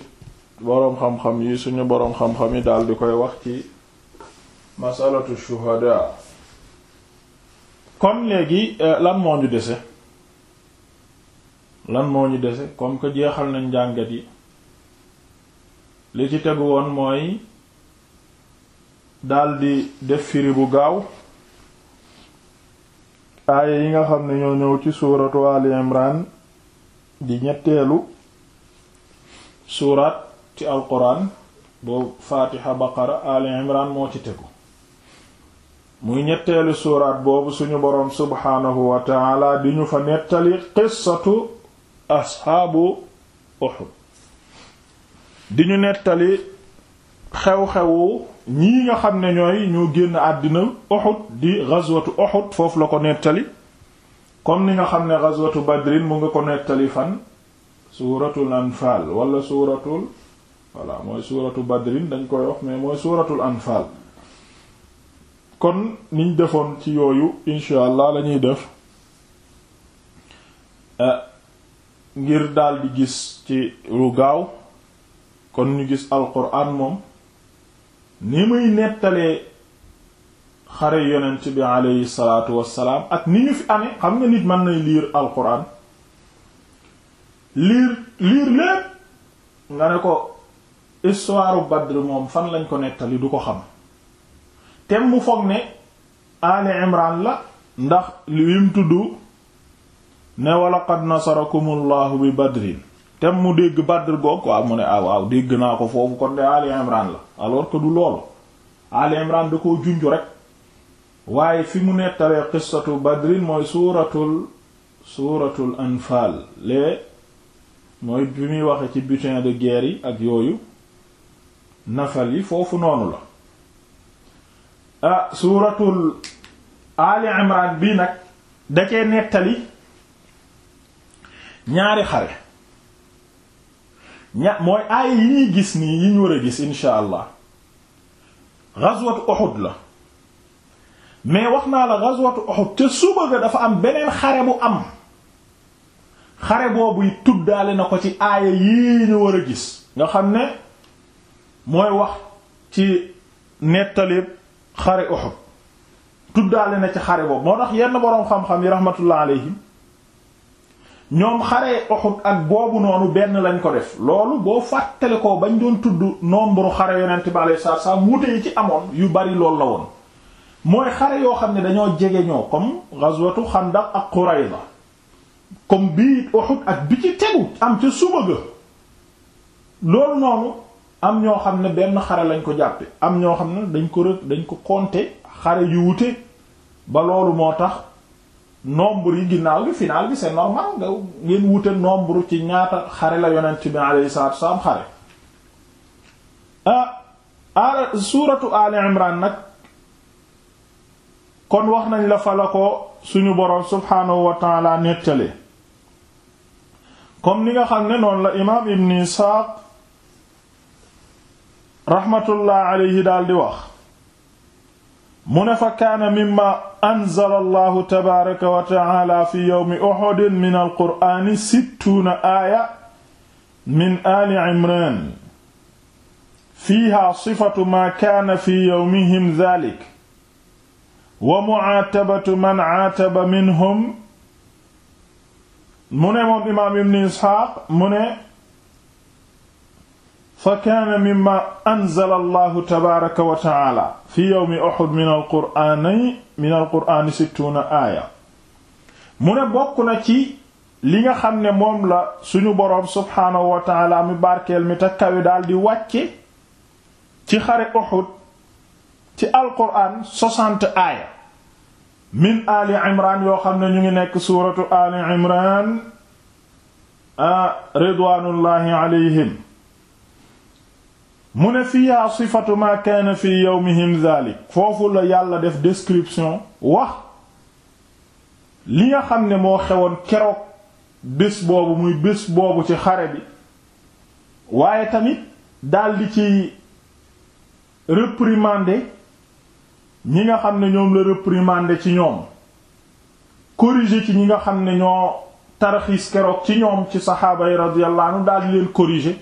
boroom xam-xam yi suñu boroom xam-xam yi daal di koy wax ci masalatu shuhada kon léegi euh, lan moo ñu dese lan moo ñu dese comme que jeexal nañ njàngat yi li ci tegu woon mooy daldi def firi bu gaaw aaya yi nga xam ne ñoo ñëw ci suuratu Ali Imran di ñetteelu suuraat ci alquran boobu Faatiha Baqara Ali Imran moo ci tegu muy ñetteelu suuraat boobu suñu boroom subhaanahu wa taala di ñu fa nettali qissatu ashaabu Uhud di ñu nettali xew-xewu ñii nga xam ne ñooy ñu génn àddina Uhud di ghazwatu Uhud foofu la ko nettali comme ni nga xam ne ghazwatu Badrin mu nga ko nettali fan suuratul anfaal wala suuratul voilà mooy suuratu Badrin dañ koy wax mais mooy suuratul anfaal kon niñ defoon ci yooyu incha allah lañuy def eh, ngir daldi gis ci lu gaaw kon ñu gis alquran moom ni muy nettalee xare yonent bi aleyhi salaatu wassalaam ak ni ñu fi amee xam nga nit mën nay liir alquran liir liir lépp nga ne ko histoire Badr moom fan lañ ko nettali du ko xam tem mu foog ne ali imran la ndax lim tudd ne walaqad nasarakumullahu bi badrin tem mu dégg badr goog waaw mu ne ah waaw dégg naa ko foofu kon de ali imran la alors que du loolu ali imran da koo junju rek waaye fi mu nettalee qissatu badrin mooy suuratul suuratul anfaal lee mooy bi muy waxe ci butin de guerre yi ak yooyu nafal yi foofu noonu la ah suuratul Ali Imran bii nag da nettali ñaari xare ña mooy aaya yi ñuy gis nii yi ñu war a gis insha allah ghazwatu Uhud la mais wax naa la ghazwatu Uhud te suba ga dafa am beneen xare bu am xare boobu tuddaale na ko ci aaya yi ñu war a gis nga xam ne mooy wax ci nettali xare Uhud tuddaale na ci xare boobu moo tax yenn boroom xam-xam yi rahmatullah alayhim ñoom xare Uhud ak boobu noonu benn lañ ko def loolu boo fàttale ko bañ doon tudd nombre xare yonent bi alayhi salaatu salaam wuute yi ci amoon yu bari loolu la woon mooy xare yoo xam ne dañoo jege ñoo comme ghazwatu Xandaq ak Qurayza comme bii Uhud ak bi ci tegu am ca suba ga loolu noonu am ñoo xam ne benn xare lañ ko jàppe am ñoo xam ne dañ ko rëg dañ ko compter xare yu wute ba loolu moo tax nombre yi ginaaw gi final bi c'est normal nga ngeen wute nombre ci ñaata xare la yonent bi alayhi salaatu wasalaam xare ah a suuratu ali kon wax nañ la fa boroom subhaanahu wa la imaam ibn Isaaq raxmatullah alayhi daal di wax mu ne fa kaana mimma anzala allahu tabaaraka wa taala fi yawmi uhud min alqur'aani sittuuna aaya min aali imraan fiiha sifatu maa kaana fi yawmihim daalik wa mucaatabatu man caataba minhum mu ne moom imaam ibn isxaaq mu ne fa kaana mimma anzala allahu tabaaraka wa taala fi yawmi uhud min alqur'aani min alqur'aani sittuuna aaya mu ne bokk na ci li nga xam ne moom la suñu boroom subhaanahu wa taala mi barkeel mi te daal di wàcce ci xare uhud ci alqur'aan soixante aaya min ali imran yoo xam ne ñu ngi nekk suuratu ali imran ah, ridwaanullahi alayhim mu ne fiyaa sifatu ma kaana fi yawmihim zalik foofu la yàlla def description wax li nga xam ne moo xewoon keroog bés boobu muy bés boobu ci xare bi waaye tamit daldi ci réprimander ñi nga xam ne ñoom la réprimander ci ñoom corriger ci ñi nga xam ne ñoo tarxiis keroog ci ñoom ci saxaaba yi radiyallahu anhu daldi leen corriger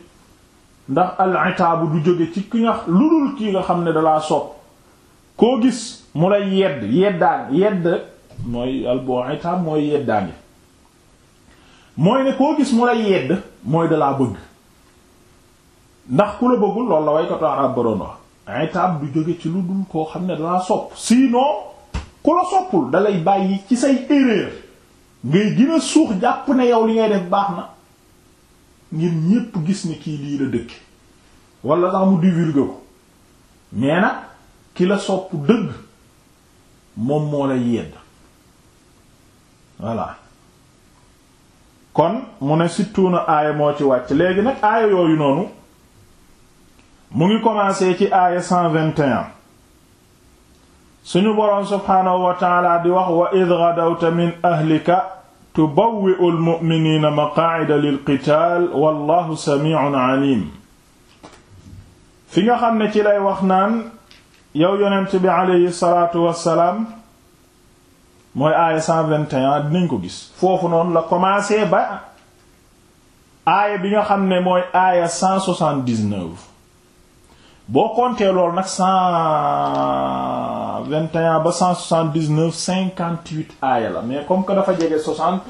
ndax al-itaabu du jóge ci ki nga lu dul kii nga xam ne dalaa sopp koo gis mu lay yedd yeddaan yedd mooy al itaab mooy koo gis mu yedd mooy dalaa bëgg ndax ku la bëggul loolu la way ko taaraab ba doon wax itaab du jóge ci lu dul koo xam ne dalaa sopp sinon ku la soppul dalay bàyyi ci say erreur ngay gën suux jàpp ne yow li ngay def baax na ngir ñépp gis ni kii lii la dëkk wala sax mu divulguer ko mais ki la sopp dëgg moom moo lay yedd voilà kon mu ne sittuuna aaya moo ci wàcc léegi nag aaya yooyu noonu mu ngi commencé ci aaya 121 suñu boroom subhaanahu di wax wa id ghadawta min ahlika tubawwi'u al-mu'miniina maqaa'ida lil-qitaal wallaahu samii'un 'aliim fi nga xam ne ci lay wax naan yow yonent bi aleyhi salaatu wassalaam mooy aaya 121 dinañ ko gis foofu noonu la commencé ba aaya bi nga xam ne mooy aaya 179 boo compter loolu nag ba cent soixante dix cinquante huit aaya la mais comme que dafa jege soixante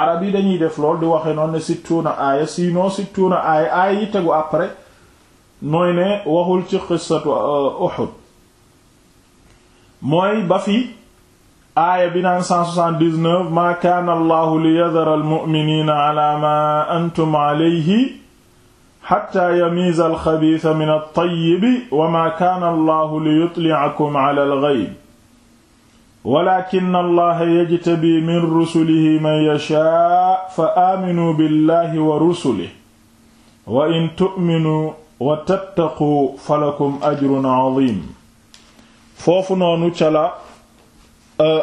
arab yi dañuy def lool di waxe noonu ne sittuuna aaya sinon sittuuna aaya aaya yi tegu après nooy ne waxul ci xissatu euh, Uhud mooy ba fi aaya bi naan cent soixante dix neuf maa kaana allahu ma antum alayhi xataa yamiiza alxabiisa min altayibi wa maa kaana allahu liyutlicakum ala alxayb walakina allaha yajtabi min rusulihi man yashaa fa aaminuu billahi wa rusulihi wa in tu'minuu wa tattaquu falakum ajrun aziim foofu noonu ca la euh,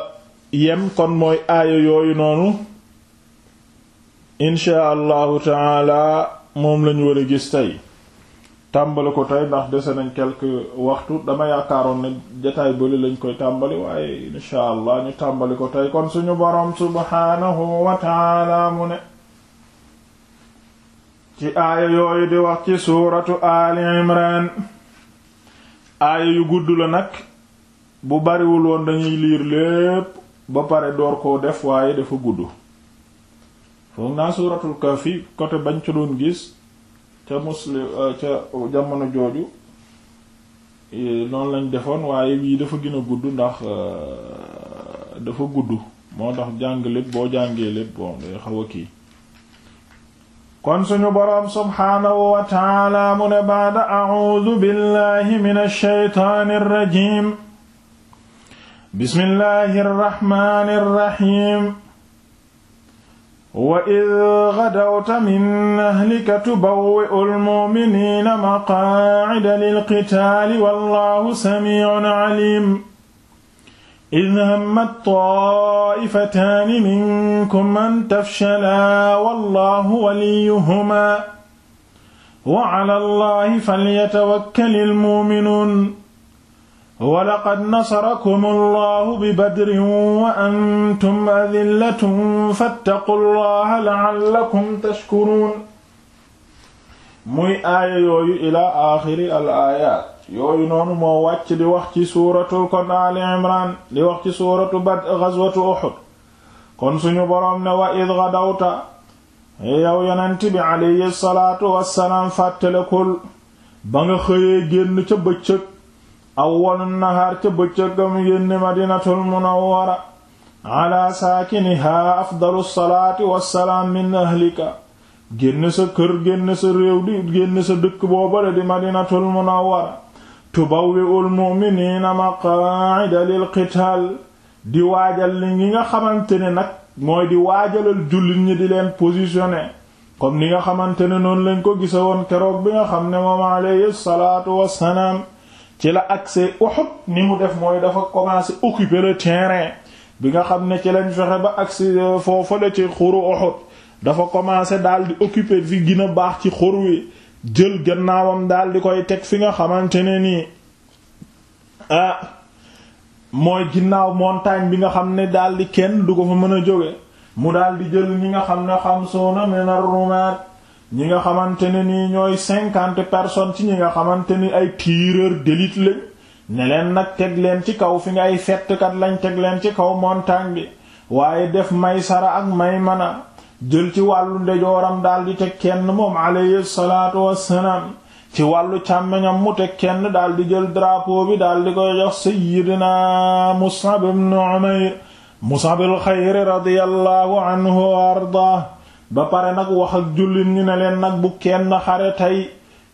yem kon mooy aaya yooyu noonu inchaa allahu taala moom lañu war a gis tey tàmbali ko tey ndax dese nañ quelque waxtu dama yaakaaroon ne jataay bële lañ koy tàmbali waaye insha allah ñu tàmbali ko tey kon suñu boroom subhaanahu wa taala mu ne ci aaya yooyu di wax ci suuratu aali aaya yu gudd la nag bu bariwul woon dañuy liir lépp ba pare door koo def waaye dafa gudd foog naa suuratul kahfi côté bañ ca doon gis ca muslim euh, ca jamono jooju eh, noonu lañ defoon waaye bii dafa gën a gudd ndax euh, dafa gudd moo tax jàng lépp boo jàngee lépp bon day kii kon suñu boroom subhaanahu wa taala mu ne baada a'uudu billahi min ash-shaytaani rajim bismillahi rrahmaani rrahim wa id gadawta min ahlika tubawwi'ul mu'minina maqaa'ida lilqitaali wallaahu samii'un 'aliim id hammat taa'ifataani minkum an tafshalaa wallaahu waliyyuhumaa wa 'alaa llaahi falyatawakkalil mu'minuun walaqad nasarakum allahu bi badrin wa antum adillatun fattaqu llaha la'allakum tashkuruun muy aaya yooyu ilaa aaxiri al aayaat yooyu noonu moo wàcc di wax ci suuratu kon aali imran di wax ci suuratu Badr gazwatu Uhud kon suñu boroom ne wa id gadawta yow yonent bi alayhi salaatu wassalaam fàttalekul ba nga xëyee génn ca bëccëg awwalu nahaar ca bëccëgam yénne madinatul munawwara ala saakinihaa afdalu salaati wassalaam min ahlika génn sa kër génn sa réew di génn sa dëkk boobale di madinatul munawwara tubawwi'ul mu'miniina maqaa'ida lil qitaal di waajal li ngi nga xamante ne nag mooy di waajalal jullit ñi di leen positionné comme ni nga xamante ne noonu lañ ko gisa woon keroog bi nga xam ne moom alayhi salaatu wassalaam ci la accès Uhud ni mu def mooy dafa commencer occuper le terrain bi nga xam ne ci lañ fexe ba accès euh, foofa la ci xuru Uhud dafa commencer daal di occuper fi gën baax ci xur wi jël gannaawam daal di koy teg fi nga xamante ne nii ah mooy ginnaaw montagne bi nga xam ne daal di kenn du ko fa mën a jóge mu daal di jël ñi nga xam ne xam soona menar rumaat ñi nga xamante ne nii ñooy cinquante personnes ci ñi nga xamante ni ay tireurs d'élite lañ ne leen nag teg leen ci kaw fi nga ay fettkat lañ teg leen ci kaw montagne bi waaye def may sara ak may mana jël ci wàllu ndejooram daldi teg kenn moom alayhi salaatu wassalaam ci wàllu càmmiñam mu teg kenn daldi jël draapo bi daldi koy jox sayyidina Mus'ab ibn Umayr Mus'ab al-Xayr anhu wa ba pare nag wax ak jullit ñi ne leen nag bu kenn xare tey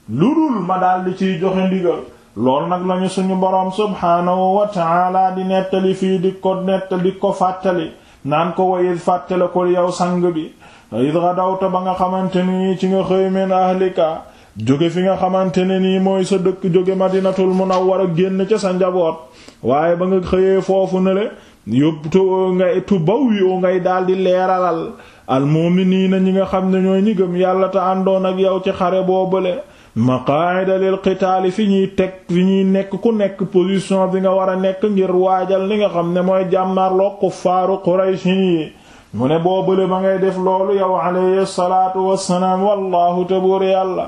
lu dul ma daldi ciy joxe ndigal loolu nag lañu suñu boroom subhaanahu wa ta'ala di nettali fii di ko nettali di ko fàttali naan ko wayit fàttale ko yow sang bi it radawta ba nga xamante ni nii ci nga xëy men ahlika jóge fi nga xamante ne nii mooy sa dëkk jóge war a génn ca sa njaboot waaye ba nga xëyee foofu ne le yóbbu nga tubbaw yoo ngay daldi leeralal almu'miniina ñi nga xam ne ñooy ñi gëm yàlla te àndoon ak yow ci xare boobale maqaa'ida lil qitaali fi ñuy teg fi ñuy nekk ku nekk position bi nga war a nekk ngir waajal li nga xam ne mooy jàmmarloo kuffaaru quraysin yi mu ne boo boobale ba ngay def loolu yow alayhi salaatu wassalaam wallaahu tabuur yàlla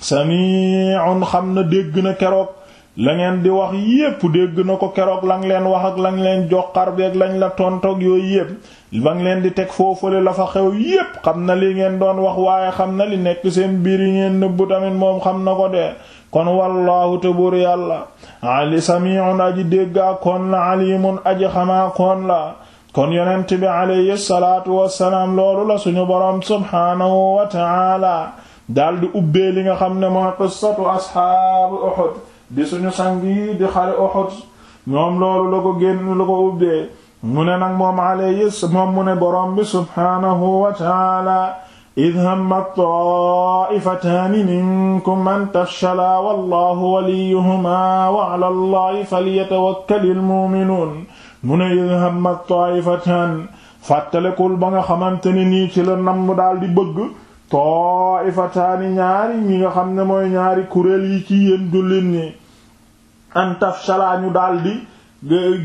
sami'un xam na dégg na keroog la ngeen di wax yépp dégg na ko keroog lang leen wax ak lang leen joxar beeg lañ la tontoog yooyu yépp ba ngeen di teg foofule la fa xew yépp xam na li ngeen doon wax waaye xam na li nekk seen biir yi ngeen nëbbu tamit moom xam na ko de kon wallaahu te buur yàlla ali samiun aji déggaa koon la alimun aji xamaa koon la kon yonent bi alayhi salaatu wassalaam loolu la suñu boroom subhaanahu wa taala daldi ubbee li nga xam ne mooy qissatu ashaabu Uhud di suñu sang yi di xare Uhud ñoom loolu la ko génn la ko ubbee moom alayhi moom mu ne subhaanahu wa taala id hamma taifataani minkum an tafshala wallahu waliyuhuma wa ala allahi falyatawakkalil mu'minuun mu ne id hamma taifatan fàttalekul ba nga xamante ne nii ci la namm daal di bëgg taifataani ñaari ñi nga xam ne mooy ñaari kuréel yi ci yéen jullit ñi an tafshala daldi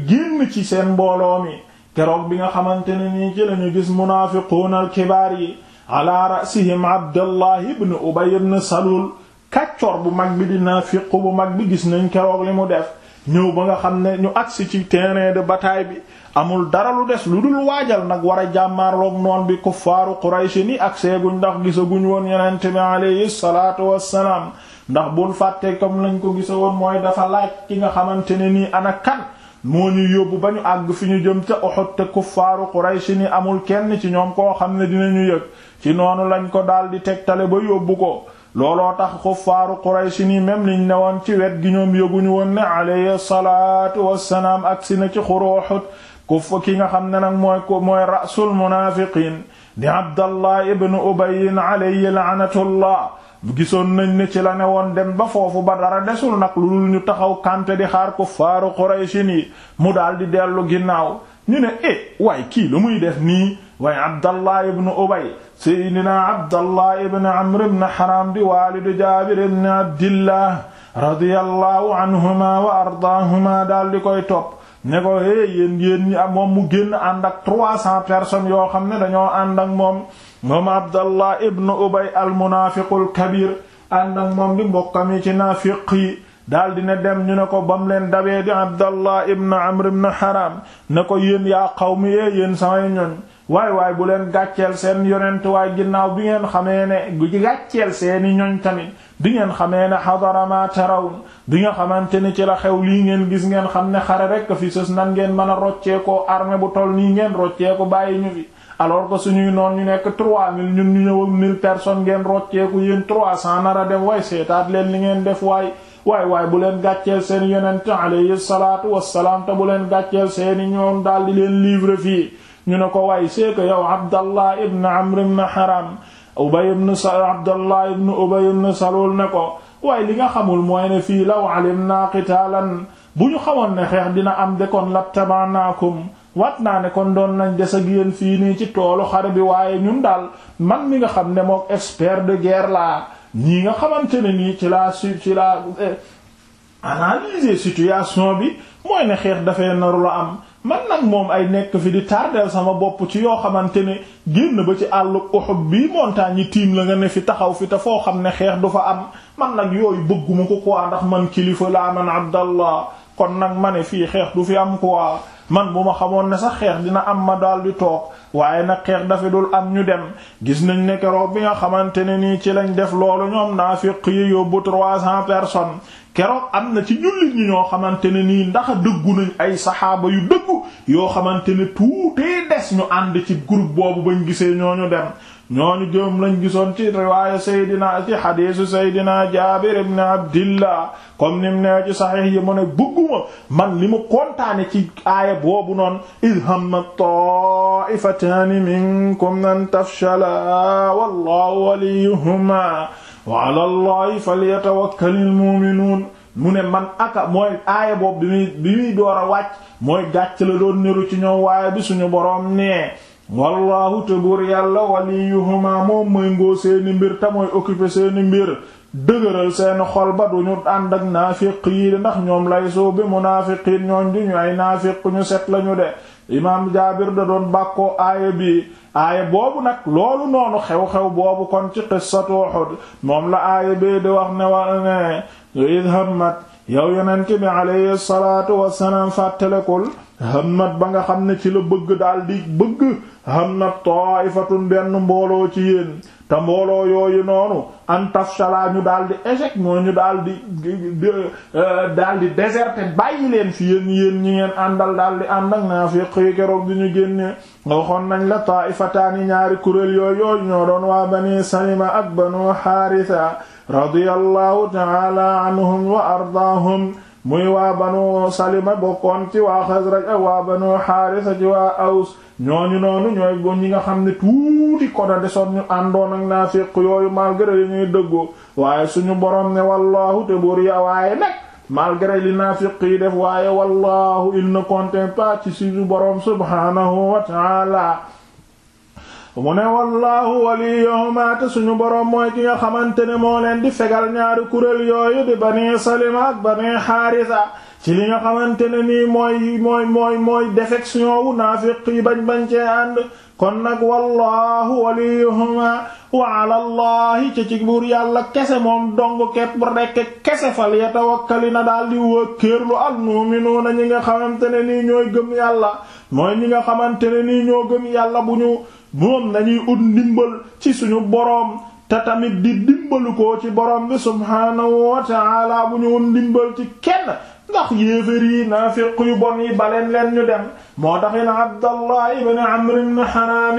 génn ci seen mbooloo mi keroog bi nga xamante ne nii ci lañu gis munaafiquun alkibaar yi ala rasihim abdallah ibn ubay ibn salul kàccoor bu mag bi di naafiqu bu mag bi gis nañ keroog li mu def ñëw ba nga xam ne ñu agsi ci terrain de bataay bi amul dara lu des lu dul waajal nag war a jàmmaarloog noon bi kuffaaru Quraysh ni ak seeguñ ndax gisaguñ woon yonent bi alayhi salaatu wassalaam ndax bul fàtte comme lañ ko gisa woon mooy dafa laaj ki nga xamante ne nii ana kan moo ñu yóbbu ba ñu àgg fi ñu jëm ca Uhud te kuffaaru Quraysh ni amul kenn ci ñoom koo xam ne dinañu yëg ci noonu lañ ko daal di tegtale ba yóbbu ko looloo tax kuffaaru Quraysh ni même liñ ne woon ci wet gi ñoom yëguñu woon ne alayhi salaatu wassalaam agsi na ci xuruxut kuf ki nga xam ne nag mooy mooy rasul munaafiqiin di Abdallah ibn Ubay alayhi la'natullah gisoon nañ ne ci la ne woon dem ba foofu ba dara desul nag lu dul ñu taxaw kampe di xaar kuffaaru Quraysh ni mu daal di dellu ginnaaw ñu ne eh waaye kii lu muy def nii way Abdallah ibn Ubay Seydina Abdallah ibn Amr ibn Haram di waalidu Jaabir ibn Abdillah radiyallahu anhuma wa ardaahuma daal di koy top ne ko hey yéen yéen moom mu génn ànd ak trois cents personnes yoo xam ne dañoo ànd ak moom moom Abdallah ibn Ubay al-munaafiqul kabir moom di mbokkam yi ci naafiq yi daal di ne dem ñu ne ko ba mu leen dabee di Abdallah ibn Amr ibn Haram ne ko yéen yaa qawmi yee yéen samay ñoñ waay waay bu leen gàcceel seen yonent ginnaaw bi ngeen xamee ne gi gàcceel seeni ñoñ tamit bi ngeen xamee ne xadara ma tarawn bi nga xamante ni ci la xew lii ngeen gis ngeen xam ne xare rekk fi sës nan ngeen mën a rocceekoo armée bu toll nii ngeen rocceeku bàyyi ñu fi alors que suñuy noon ñu nekk 3000 ñun ñu ñëw ak 1000 personnes ngeen rocceeku yéen 300 nar a dem way seetaat leen li ngeen def waaye waay waay bu leen gàcceel seen yonent alayhi salaatu wassalaam te bu leen gàcceel seeni ñoom daal di leen livre fii ñu ne ko waay c'est que yow abdallah ibn amr ibn haram ubay ibn salul ne ko waaye li nga xamul mooy ne fii law alimna qitaalan bu ñu xamoon ne xeex dina am de kon lattabanaakum wat naa ne kon doon nañ des ak yéen fii nii ci toolu xare bi waaye ñun daal man mi nga xam ne mook expert de guerre laa ñii nga xamante ne nii ci laa ci laa eh, analyser situation bi mooy ne xeex dafay naru la am man nag moom ay nekk fi di tardeel sama bopp ci yoo xamante ne génn ba ci àll Uhud bi montagne yi tiim la nga ne fi taxaw fi te foo xam ne xeex du fa am man nag yooyu bëgguma ko quoi ndax man kilifa laa man Abdallah kon nag ma ne fii xeex du fi am quoi man bu ma xamoon ne sax xeex dina am ma daal di toog waaye nag xeex dafa dul am ñu dem gis nañ ne keroog bi nga xamante ne nii ci lañ def loolu ñoom naafiq yi yóbbu trois cents personnes keroog am na ci jullit ñi ñoo xamante ne nii ndax dëggu nañ ay saxaaba yu dëggu yoo xamante ne tuutee des ñu ànd ci groupe boobu bañ gisee ñooñu dem ñooñu jëm lañ gisoon ci riwaaya Seydina ci xadiisu Seydina Jaabir ibn Abdillah comme nim nee saxiix yi mu man li mu kontaane ci aaya boobu noonu id hamma taifataani minkum an tafshala wallahu waliyuhuma wa ala allahi falyatawakkalil mu'minuun mu man aka mooy aaya boobu bi muy bi muy mooy gàcc la doon niru ci ñoom bi suñu boroom nee wallaahu te buur yàlla waliyuhuma moom mooy ngoo seeni mbir te mooy occuper seeni mbir dëgëral seen xol ba duñu ànd ak naafiq yi ndax ñoom lay soo bi munaafiqiin ñooñ duñu ay naafiq ñu set lañu de imaam jaabir da doon bàkkoo aaya bi aaya boobu nag loolu noonu xew-xew boobu kon ci qissatu Uhud moom la aaya bee di wax ne wa ne idhammat yow yonent bi alayhi salaatu wassalaam fàttalekul hammat ba nga xam ne ci la bëgg daal di bëgg hammat taa'ifatun benn mbooloo ci yéen te mbooloo yooyu noonu an tafshala ñu daal di échec ñoo ñu daal di daal di déserté bàyyi leen fi yéen ñi ngeen àndal daal di ànd ak naafiq yi keroog di ñu génne waxoon nañ la taa'ifataani ñaari kuréel yooyu yooyu ñoo doon waa bani salima ak banu haarisa radiyallahu taala anhum wa ardaahum muy waa banu salima bokkoon ci waa xasraj ak waa banu xaarisa ci waa aws ñooñu noonu ñooy bo yi nga xam ne tuuti ko da desoon ñu àndoon ak naafiq yooyu malgré li ñuy dëggoo waaye suñu borom ne wallahu te buur ya waaye nag malgré li naafiq yi def waaye wallahu il ne ci suñu borom subhaanahu wa taala mu ne wallaahu waliyuhumaa te suñu boroom mooy ki nga xamante ne moo leen di fegal ñaari kuréel yooyu di bani salima ak bani xaarisa ci li nga xamante ne nii mooy mooy mooy mooy défection wu naafiq yi bañ bañ cee ànd kon nag wallaahu waliyuhumaa wa ala allahi ci buur yàlla kese moom dong kepp rekk kese fal yatawakkali na daal di wëkkeerlu al-mu'minuuna ñi nga xamante ne nii ñooy gëm yàlla mooy ñi nga xamante ne nii ñoo gëm yàlla bu ñu moom nañuy ut ndimbal ci suñu boroom te tamit di dimbalu ko ci boroom bi subhaanahu wa ta'ala bu ñu won ndimbal ci kenn ndax yéefér yi naafiq yu bon yi baleen leen ñu dem moo taxin Abdallah ibn Amr ibn Haram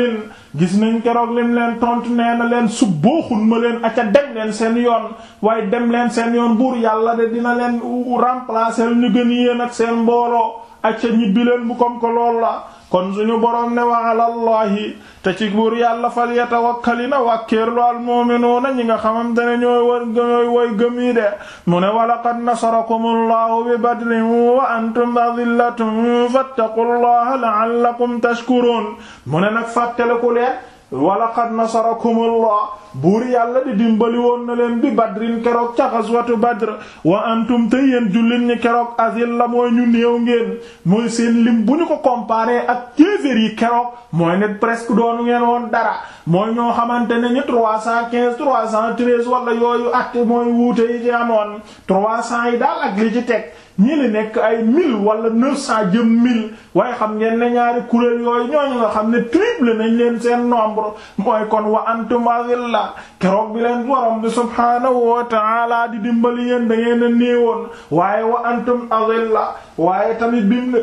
gis nañ keroog lim leen tontu nee na leen su booxun ma leen aca dem leen seen yoon waaye dem leen seen yoon buur yàlla de dina leen remplacer ñu gën yéen ak seen mbooloo aca ñibbi leen bu comme ko lool la kon suñu borom ne wa alallahi te ci buur yàlla fal yatawakkalina wàkkeerlu almu'minuuna ñi nga xamante ne ñooy war ñooy woy gëm yi de mu ne wa laqad nasarakumullahu bi badrin wa antum adillatun fattaqullaha la'allakum tashkurun mu ne nag fàttaliku leen walaqad nasarakumullah buur yàlla di dimbali woon na leen bi badrin keroog ca xaswatu badr wa antum te yéen jullit ñi keroog azil la mooy ñu néew ngeen mooy seen lim bu ñu ko comparé ak kéeféer yi keroog mooy ne presque doon ngeen woon dara mooy ñoo xamante ne ñu trois cent quinze trois cent treize wala yooyu at mooy wuute yi ci amoon trois yi daal ak li ci teg ñi li nekk ay mille wala neuf cent jëm mil waaye xam ngeen ne ñaari kuréel yooyu ñooñu nga xam ne triple nañ leen seen nombre mooy kon wa antum azilla keroog bi leen borom bi subhaanahu wa ta'ala di dimbali yéen da ngeen a néewoon waaye wa antum azilla waaye tamit bim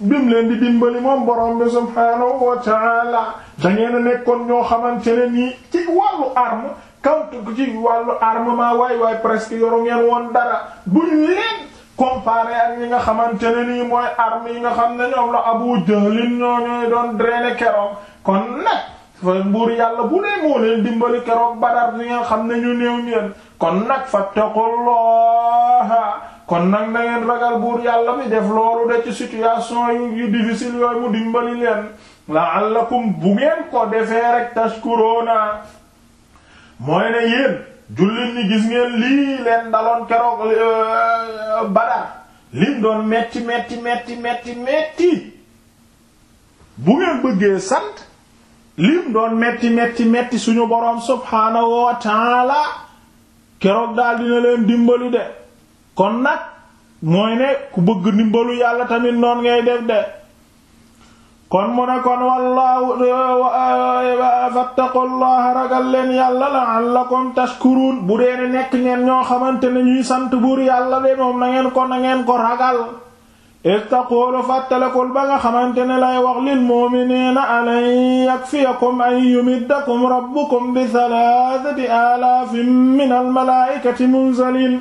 bim leen di dimbali moom borom bi subhaanahu wa ta'ala da ngeen a nekkoon ñoo xamante ne nii ci wàllu arme kawtu ci wàllu armement waay waay presque yoru ngeen woon dara buñ leen comparé ak ñi nga xamante ne nii mooy armes yi nga xam ne ñoom la Abu Jahlin ñooy doon drainer keroog kon nag fa yàlla bu ne moo leen dimbali keroog Badar ñi nga xam ne ñu néew ñeen kon nag fattaqullaha kon nag na ngeen ragal buur yàlla bi def loolu de ci situation yu difficile yooyu mu dimbali leen la'allakum bu ngeen ko defee rek tashkuruna mooy ne yéen jullit ñi gis ngeen lii leen daloon keroog euh, Badar lim doon metti metti metti metti bu ngeen bëggee sant lim doon metti metti metti suñu boroom subhaanahu wa ta'ala keroog daal dina leen dimbalu de kon nag mooy ne ku bëgg dimbalu yàlla tamit noon ngay def de kon mu ne kon wallaahu fattaqullaha ragal leen yàlla la'allakum tashkurun bu dee ne nekk ngeen ñoo xamante ne ñuy sant buur yàlla ngeen ko na ko ragal istaqulu fàttalekul ba nga xamante ne lay wax lil mu'minina alan yakfiyakum an yumiddakum rabbukum bi thalathati alafin min almalaikati munzalin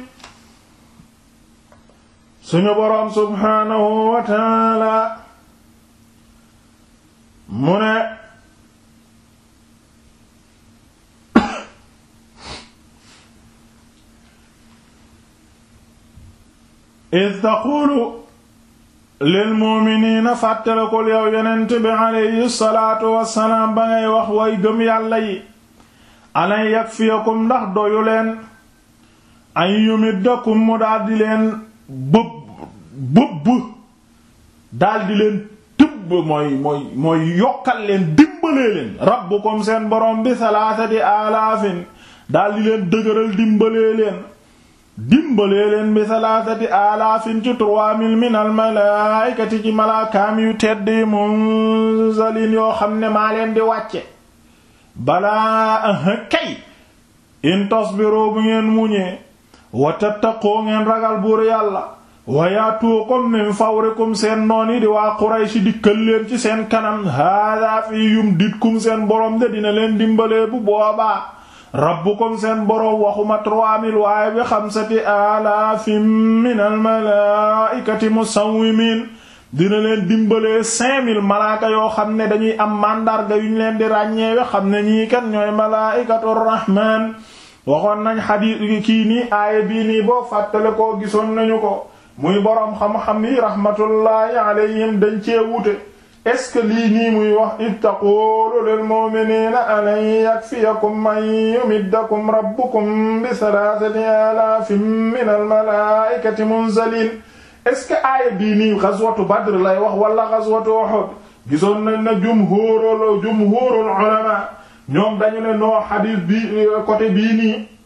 suñu boroom subhanahu mu ne is taqulu lil mu'miniina fàttalikul yow yonent bi alayhi salaatu wassalaam ba ngay wax way gëm yàlla yi alay yakfiyakum ndax doyu leen ay yumiddakum mu daldi leen bëbb bëbb daldi leen yubba mooy mooy mooy yokkal leen dimbalee leen rabbukum seen borom bi salaasati alaafin daldi leen dëgëral dimbalee leen dimbalee leen bi ci trois mille ci malaakaam yu tedd yi munzalin yoo xam ne maa leen di wàcce balaa kay in tasbiru bu ngeen muñee wa tattaqoo ngeen ragal buur yàlla wa yaatuukum min fawrikum seen noon yi waa Quraysh dikkal leen ci seen kanam haadaa fii yumdidkum seen borom de dina leen dimbalee bu boobaa rabbukum seen borom waxuma trois mille waaye bi xamsati alaafin min almalaa'ikati musawwimiin dina leen dimbalee cinq mille malaaka yoo xam ne dañuy am màndarga yu ñu leen di ràññeewe xam ne ñii kat ñooy malaa'ikatu rahmaan waxoon nañ xadiis kii nii aaya bii nii boo fàttale koo gisoon nañu ko muy boroom xam-xam yi rahmatullahi alayhim dañ cee wuute est-ce que lii nii muy wax it taqulu lil mu'minina alan yakfiyakum an yumiddakum rabbukum bi salaasati alaafin min al munzalin est-ce que aaya bii nii ghazwatu Badr lay wax wala ghazwatu Uhud gisoon nañ na jumhuurul jumhuurul ulama ñoom dañu ne noo xadiis bi côté bii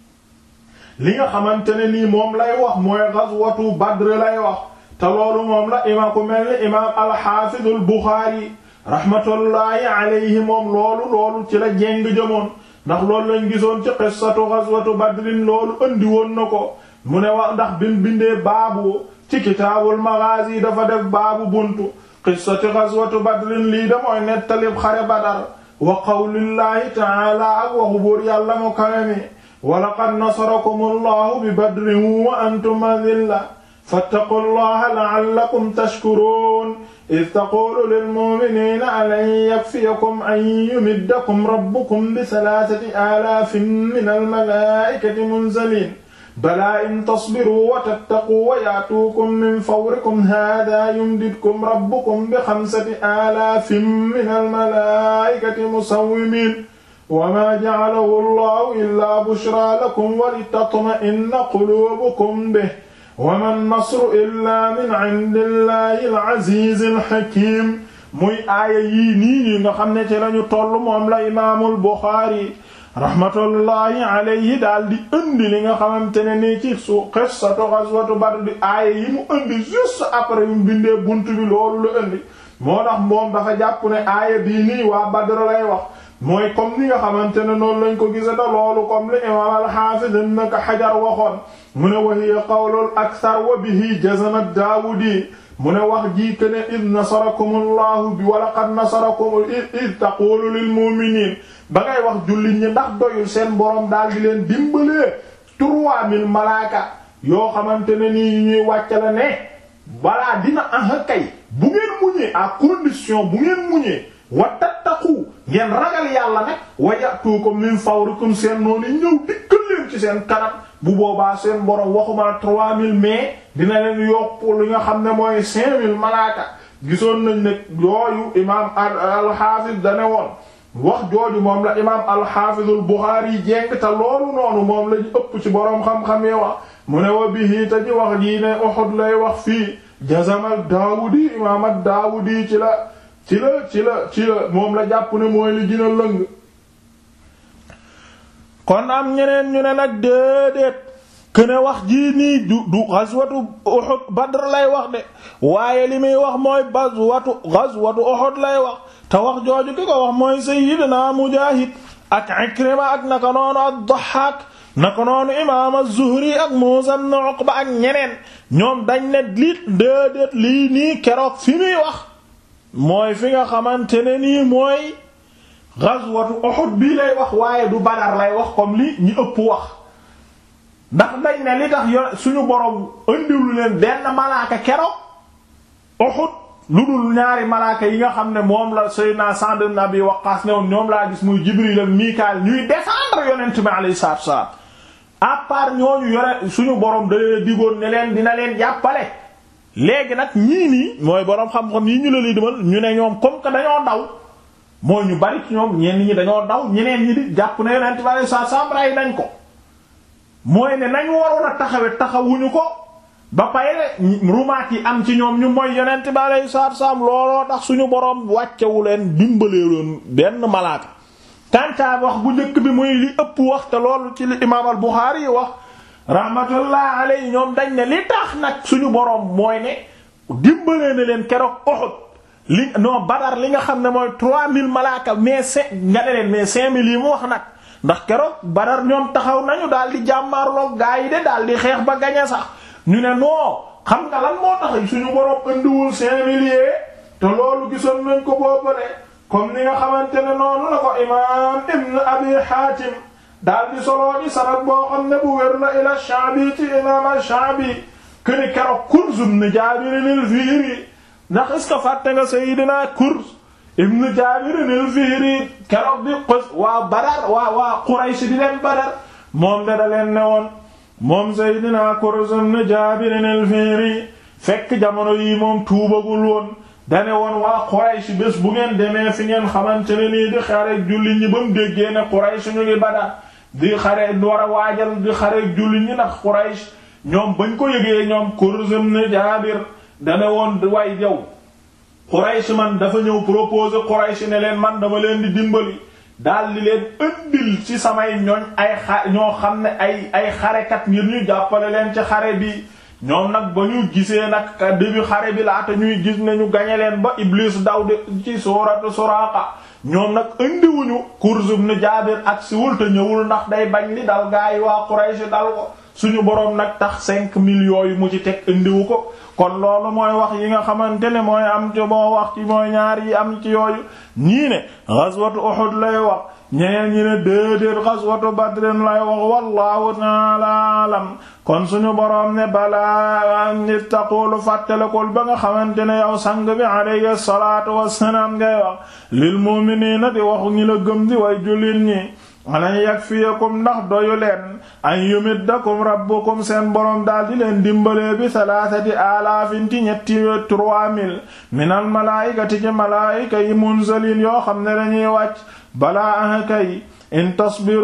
li nga xamante ne nii moom lay wax mooy ghazwatu Badr lay wax te loolu moom la imaam ku mel ni imaam al-Hafiz al moom loolu loolu ci la jéng jëmoon ndax loolu lañ gisoon ci qissatu ghazwatu Badrin loolu andi woon ko mu ne wax ndax bin bindee baabu ci kitaabul maghazi dafa def baabu buntu qissatu ghazwatu Badrin lii da mooy nettalib xare Badar wa qawlillahi ta'ala ak waxu buur yàlla mu walaqad nasarakum allahu bi badrin wa antum adilla fattaqu allaha la'allakum tashkuruun id taquulu lilmu'miniina alan yakfiyakum an yumiddakum rabbukum bi salaasati aalaafin min almalaa'ikati munzaliin balaa in tasbiruu wa tattaquu wa ya'tuukum min fawrikum haadaa yumdidkum rabbukum bi xamsati aalaafin min almalaa'ikati musawwimiin وما جعله الله إلا بشرى لكم ولتطمئن قلوبكم به وما النصر إلا من عند الله العزيز الحكيم muy aaya yii nii nii nga xam ne ci lañu toll moom la imaamul Buxaari rahmatullahi alayhi daal di indi li nga xamante ne nii ci su qissatu ghazwatu Badr di aaya yi mu indi juste après mu bindee bunt bi loolu la indi moo tax moom dafa jàpp ne aaya bii nii waa Badr lay wax mooy comme ni nga xamante ne noonu lañ ko gisata loolu kom li imaam al-Hafiz ibn Hajar waxoon mu ne wa hiya qawlul akthar wa bihi jazama Daawudi mu ne wax ji ke ne id nasarakum allahu bi wa laqad nasarakum id taqulu lil mu'minin ba wax jullit ñi ndax doyul seen boroom daal di leen dimbalee trois mille malaaka yoo xamante ne nii yu ñuy wàcca la ne balaa dina aha kay bu ngeen muñee à condition bu ngeen muñee wa tattaqu ngeen ragal yàlla nag wa ya'tukum min fawrikum seen noonu ñëw dikkal leen ci seen kanam bu boobaa seen borom waxuma 3000 mais dina leen yokk li nga xam ne mooy 5000 malaaka gisoon nañ ne yooyu imaam al-Hafiz dane woon wax jooju moom la imaam al-Hafizul Bukhari yi jeng te loolu noonu moom lañu ëpp ci borom xam-xam yi wax mu ne wa bihi te ci wax jii ne Uhud lay wax fii jazamal Daawudi imaam ad-Daawudi ci la. cila cila ci la moom la jàpp ne mooy li gën a kon am ñeneen ñu ne nag déedéet que wax jii nii du du ghazwatu Uhud Badr lay wax de waaye li muy wax mooy ghazwatu ghazwatu Uhud lay wax te wax jooju ki ko wax mooy sayyidina Mujaahid ak Ikrima ak naka noonu ad-Dahhaak naka noonu imaam az-Zuhri ak Muusaa ibn Uqba ak ñeneen ñoom dañ ne li déedéet lii nii keroog fi muy wax. mooy fi nga xamante ne nii mooy ghazwatu Uhud bii lay wax waaye du Badar lay wax comme li ñu ëpp wax ndax dañ ne li tax suñu borom indiwlu leen benn malaaka keroog Uhud lu dul ñaari malaaka yi nga xam ne moom la Seydina Sa'd ibn Abi Waqqas ne woon ñoom laa gis muy Jibril ak Mikaal ñuy défendre yonent bi alayhi salaatu wa salaam ñooñu yore suñu borom da leen digoon ne leen dina leen jàppale léegi nag ñii nii mooy boroom xam-xam yi ñu la lii dimal ñu ne ñoom comme que dañoo daw mooy ñu bari ci ñoom ñenn ñi dañoo ndaw ñeneen ñi di jàpp na yonent bi sa sambra yi nañ ko mooy ne nañu waroon a taxawe taxawuñu ko ba pare rumaat yi am ci ñoom ñu mooy yonent bi yu salaatu salaam looloo tax suñu boroom wàccewu leen dimbalee loon benn malaaka tàntaa wax bu njëkk bi muy li ëpp wax te loolu ci li imaam al yi wax rahmatullah alayhi ñoom dañ ne li taax nag suñu boroom mooy ne dimbalee na leen keroog Uhud li non Badar li nga xam ne mooy 3000 malaaka mais cinq nga mais 5000 yi mu wax nag ndax keroog Badar ñoom taxaw nañu daal di jàmmaarloog gaa yi de daal di xeex ba gañe sax ñu ne noo xam nga lan moo tax suñu boroom indiwul 5000 yi te loolu gisoon nañ ko boobale comme ni nga xamante ne noonu la ko imaam Ibn Abi Hatim daal di soloo di sanad boo xam ne bu wér ila Shaabi imaam al-Shaabi këni keroog Kurz ibn Jaabir al-Fihri ndax est-ce que fàtte nga Seydina Kurz ibn Jaabir al-Fihri keroog di xës waa Badar waa waa di leen Badar moom de da ne woon moom Seydina Kurz ibn Jaabir al-Fihri fekk jamono yi moom tuubagul woon dane woon waa Quraysh bés bu ngeen demee fi ngeen xamante ne nii di xare jullit ñi ba mu déggee Badar di xare war a waajal di xare julli ñi nag Quraysh ñoom bañ ko yëgee ñoom Kurzum ne Jaabir dana woon way yow Quraysh man dafa ñëw proposé Quraysh ne leen man dama leen di dimbali daal di leen ëndil ci samay ñooñ ay xa ñoo xam ne ay ay xarekat ngir ñuy jàppale leen ci xare bi ñoom nag ba ñuy gisee nag début xare bi laata ñuy gis ne ñu gañe leen ba Iblis daw de ci sooratu Suraaqa ñoom nag indiwuñu Kurz nu Jaabir ak siwul te ñëwul ndax day bañ ni dal gaa yi waa Quraysh dal ko suñu boroom nag tax cinq mille yooyu mu ci teg indiwu ko kon loolu mooy wax yi nga xamante ne mooy am ci moo wax ci mooy ñaar yi am ci yooyu ñii ne ghazwatu Uhud lay wax ñeneen ñi ne déedéet xaswatu badrin lay wax wallahu taala kon suñu boroom ne balaa nit taqulu fàttalekul ba nga xamante ne yow sang bi alayhi salaatu wassalaam ngay wax lil mu'minina di wax ñi la gëm di way jullit ñi alan yakfiyakum ndax doyu leen an yumiddakum rabbukum seen boroom daal di leen dimbalee bi salaasati alaafin ci ñetti trois mille minal malaayikati ci malaayika yi munzalin yoo xam ne dañuy wàcc balaa aha kay in bi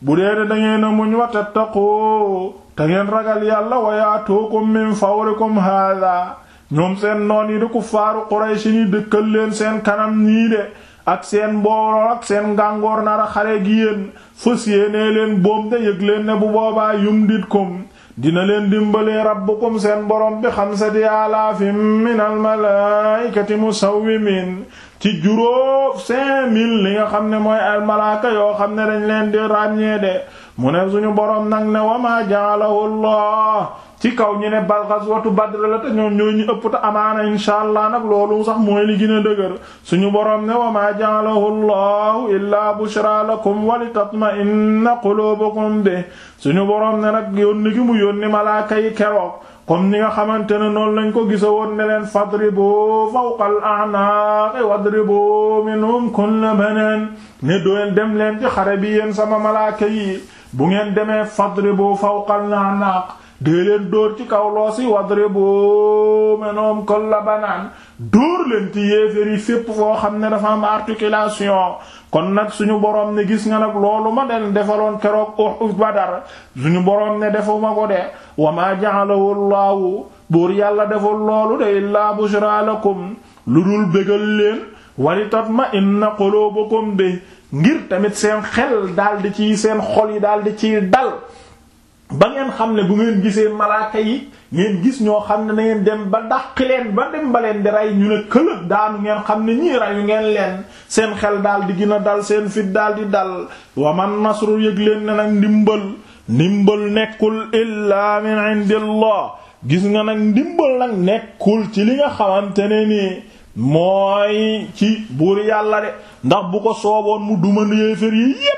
bu dee de dangeen a muñ wa tattaqoo te ngeen ragal yàlla wa yaatookum min fawrikum haada ñoom seen noon yi di kuffaaru Qurayshi ni dëkkal leen seen kanam nii de ak seen mbooloo ak seen ngàngoor na a xare gi yéen fës leen boom de yëg leen ne bu boobaa yumditkum dina leen dimbalee kom seen borom bi xam xamsati alaafin mu almalaikati musawwimin ci juróom cinq li nga xam ne mooy al malaaka yoo xam ne dañ leen di ràññee de mu ne suñu boroom nag ne wama ja'alahu Allah ci kaw ñi ne bal ghazwatu Badr la te ñoom ñoo ñu ëpp te amaana insha nag loolu sax mooy li gën dëgër suñu boroom ne wama ja'alahu Allahu illaa bushra lakum wa litatma'inna qulubukum bi suñu boroom ne nag yónni gi mu yónni malaaka yi keroog comme ni nga xamante ne noonu lañ ko gisa woon ne leen fadribu fawqal a'naqi wadribu minhum kulla banan ne doon dem leen ci xare bi yéen sama malaaka yi bu ngeen demee fadribu fawqal a'naq dee dóor ci kaw loosi wadribu menoom kol la banaan dóor leen ci yéeféer yi fépp foo xam ne dafa am articulation kon nag suñu boroom ne gis nga nag loolu ma den defaloon keroog Uhud Badar suñu boroom ne defuma ko de wa maa ja'alahu Allahu buur yàlla deful loolu de illaa bushra lu dul bégal leen ma inna qulubukum bi ngir tamit seen xel daldi ci seen xol yi daldi ciy dal ba ngeen xam ne bu ngeen gisee malaaka yi ngeen gis ñoo xam ne na ngeen dem ba dàqi leen ba dem ba leen di rey ñu ne këlëg daanu ngeen xam ne ñii reyu ngeen leen seen xel daal di gina dal seen fit dal di dal wa man nasru yëg leen ne nag ndimbal ndimbal nekkul illaa min indillah gis nga nag ndimbal nag nekkul ci li nga xamante ne nii mooy ci buur yàlla de ndax bu ko sooboon mu duma yéeféer yi yépp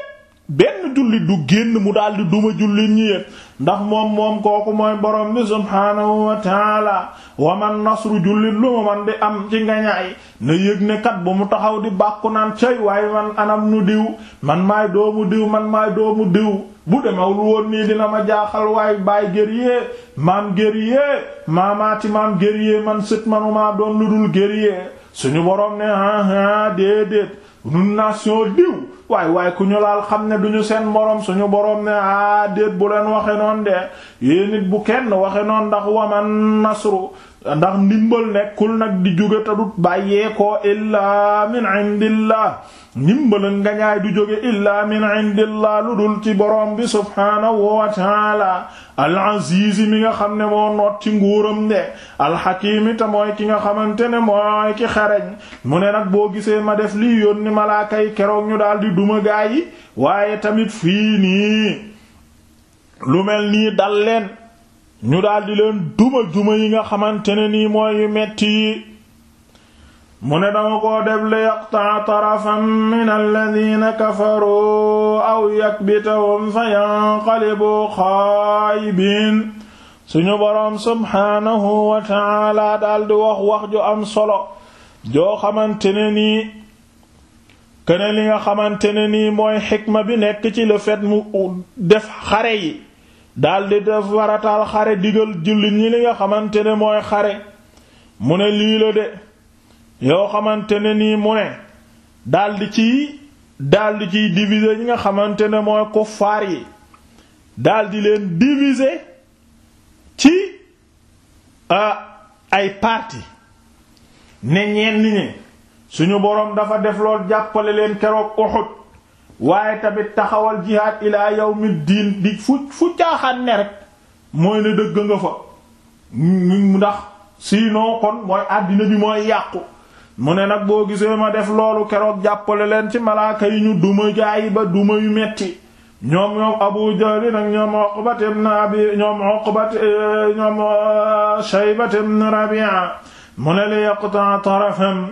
benn jullit du génn mu daldi duma jullit ñi ndax moom moom kooku mooy borom bi subhaanahu wa taala wa man nasru jullit lu ma man di am ci ngañaay na yëg ne kat bu mu taxaw di bàkku naan cay waay man anam nu diw man maay doomu diw man maay doomu diw bu demewul woon nii dina ma jaaxal waay baay guerrier maam guerrier maamaati maam guerrier man manu manumaa doon lu dul guerrier suñu borom ne ah ah déedéet nun nation diw waay waay ku ñu laal xam ne duñu seen morom suñu borom ne a ah, bu leen waxe noon de yéen nit bu kenn waxe noon ndax waman nasru ndax ndimbal nekkul nag di jóge ta dut bàyyeekoo illaa min indillah ndimbalan nga ñaay du jóge illaa min indillah lu dul ci borom bi subhaanahu wa taala mi nga xam ne moo noot ci nguuram de al-hakiimi ki nga xamante ne mooy ki xereñ mu ne nag boo gisee ma def lii yónni malaaka yi keroog ñu daldi duma gaa yi waaye tamit fii nii lu mel nii dal leen ñu daal leen duma duma yi nga xamante ne nii mooy metti yi mu ne dama ko def li yaqta'a tarafan min alladhina kafaru aw yakbitahum fa yanqalibu xaayibin suñu boroom subhaanahu wa ta'ala daldi wax wax am solo joo xamante ne nii kene li nga xamante ne nii mooy xikma bi nekk ci le fait mu def xare yi daldi def warataal xare digal jullit ñi li nga xamante ne mooy xare mu ne lii la de yoo xamante ne nii mu ne daldi ci daldi ciy diviser ñi nga xamante ne mooy kuffaar yi daldi leen diviser ci ay parti ne ñenn ñi suñu boroom dafa def lool jàppale leen keroog Uhud waaye tamit taxawal jihaad ilaa yawmid diin di fu fu caaxaan ne rek mooy ne dëgg nga fa ndax sinon kon mooy àddina bi mooy yàqu mu ne nag boo gisee ma def loolu keroog jàppale leen ci malaaka yi ñu duma gaayi ba duma yu metti ñoom ñoom Abu Jahl nag ñoom Uqbat ibn Abi ñoom Uqbat eh, ñoom eh, Shaybat ibn mu ne li yaqta tarafam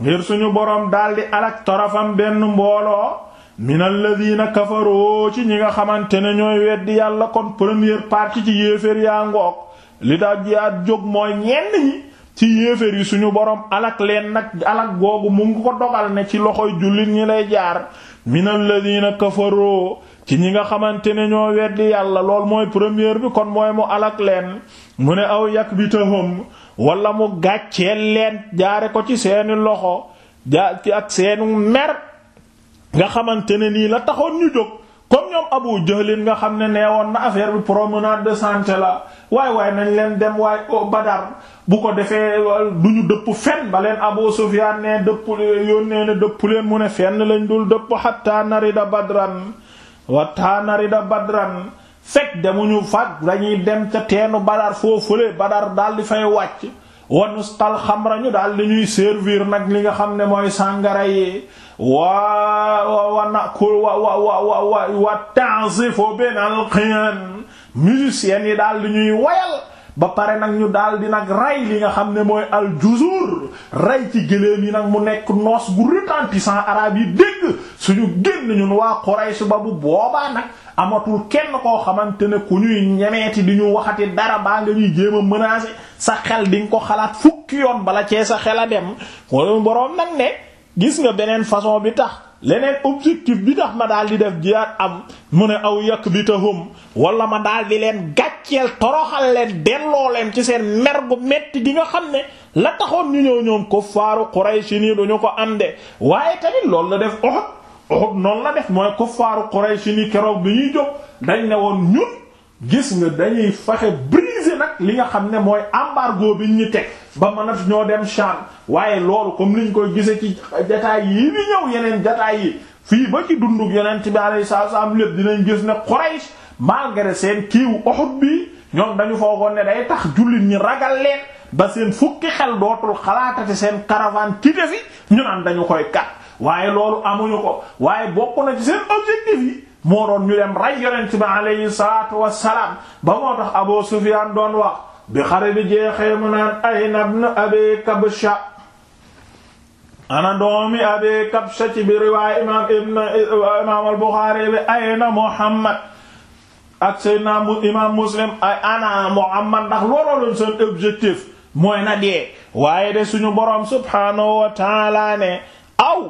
ngir suñu borom daldi alak tarafam benn mbooloo min alladina kafaroo ci ñi nga xamante ne ñooy weddi yàlla kon première partie ci yéeféer yaa ngoog li daal ji at jóg mooy ñenn ñi ci yéeféer yi suñu borom alak leen nag alak googu mu ngi ko doxal ne ci loxo jullit ñi lay jaar min alladina kafaroo ci ñi nga xamante ne ñoo weddi yàlla lool mooy première bi kon mooy mu alak leen mu ne aw yak bi tahum wala mu gàcceel leen jaare ko ci seeni loxo jaar ci ak seenu mer nga xamante ne nii la taxoon ñu jóg comme ñoom Abu Jahlin nga xam ne neewoon na affaire bi promenade de santé la waaye waaye nañ leen dem waaye Badar bu ko defee du ñu dëpp fenn ba leen Abu Sufyaan ne dëpp yónnee ne dëpp leen mu ne fenn lañ dul dëpp hatta narida badran hatta narida badran fekk demuñu faat dañuy dem ca teenu Badar foofule Badar daal di fay wàcc wanustal xamra ñu daal di ñuy servir nag li nga xam ne mooy sàngara yi waa wa nakul wa wa wa wa wa ta'zifu bin alqiyan musiciens yi daal di ñuy woyal ba pare nag ñu daal di nag rey li nga xam ne mooy aljuzur rey ci gëléem yi nag mu nekk noos gu retentissant arabe yi dégg suñu génn ñun waa Quraysh ba bu boobaa nag amatul kenn koo xamante ne ku ñuy ñemeeti di ñu waxati dara baa nga ñuy jéem a menacer sa xel di ko xalaat fukki yoon bala cee sa xel a dem mooy boroom nag ne. gis nga beneen façon bi tax leneen objectif bi tax ma daal di def jihaad am mu ne aw yàq bi tahum wala ma daal di leen gàcceel toroxal leen delloo leen ci seen mer gu metti gi nga xam ne la taxoon ñu ñëw ñoom kuffaaru Quraysh nii duñu ko am de waaye tamit lool la def Uhud Uhud noonu la def mooy kuffaaru Quraysh nii keroog bi ñuy jóg dañ ne woon ñun gis nga dañuy faxe briser nag li nga xam ne mooy embargo bi ñu teg ba ma mënat ñoo dem Sham waaye loolu comme liñ koy gise ci jataay yi ni ñëw yeneen jataay yi fii ba ci dunduk yonent bi alayhi salaam lépp dinañ gis ne Quraysh malgré seen kiiwu Uhud bi ñoom dañu foogoon ne day tax jullit ñi ragal leen ba seen fukki xel dootul xalaatati seen caravane quitté fi ñu naan dañu koy kat waaye loolu amuñu ko waaye bokk na ci seen objectif yi moo doon ñu dem rey yonent bi alayhi Abu Sufyaan doon wax bi xare bi jeexee mu naan ayna ibn Abi Kabsha ana doomi Abi Kabsha ci bi riwaaya imaam ibn bi ayna Muhammad ak Seydina imaam Muslim ana Muhammad ndax looloo leen seen objectif mooy na dee waaye de suñu borom subhaanahu wa ne aw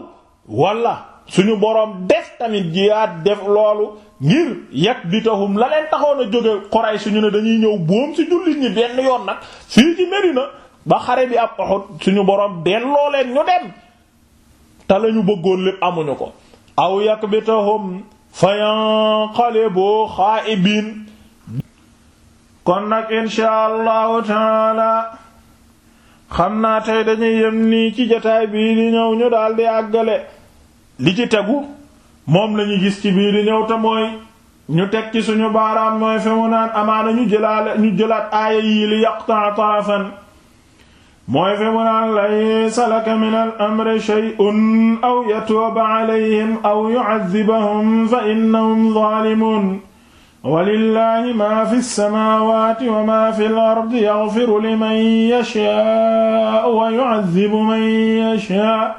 walla suñu boroom def tamit jiyaat def loolu ngir yag di tahum la leen taxoon a jóge Quraysh suñu ne dañuy ñëw boom ci jullit ñi benn yoon nag fii ci Medina ba xare bi ab Uhud suñu boroom delloo leen ñu dem te lañu bëggoon lépp amuñu ko aw yag bi tahum fayanqalibu xaa'ibiin kon nag insha allahu taala xam naa tey dañuy yem nii ci jotaay bii di ñëw ñu daldi àggale li ci tegu moom lañu gis ci biir di ñëw te mooy ñu teg ci suñu baaraam mooy fi mu naan amaana ñu jëlaale ñu jëlaat aaya yii li yaqta tarafan mooy fi mu naan laysa laka min al amri shay'un aw yatuba alayhim aw yu'adhibahum fa innahum zalimun walillahi ma fi samawati wa ma fi al ardi yaghfiru liman yasha wa yu'adhibu man yasha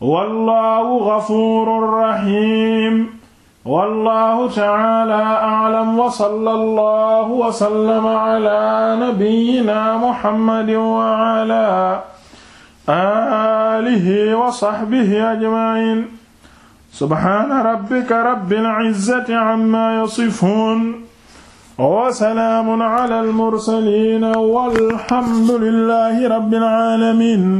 wallaahu gafuurun rahiim wallaahu ta'aalaa a'lam wa sallallaahu wa sallama alaa nabiyyinaa muhammadin wa alaa aalihi wa sahbihi ajma'iin subhaana rabbika rabbil izzati ammaa yasifuun wa salaamun alal mursaliin walhamdu lillaahi rabbil aalamiin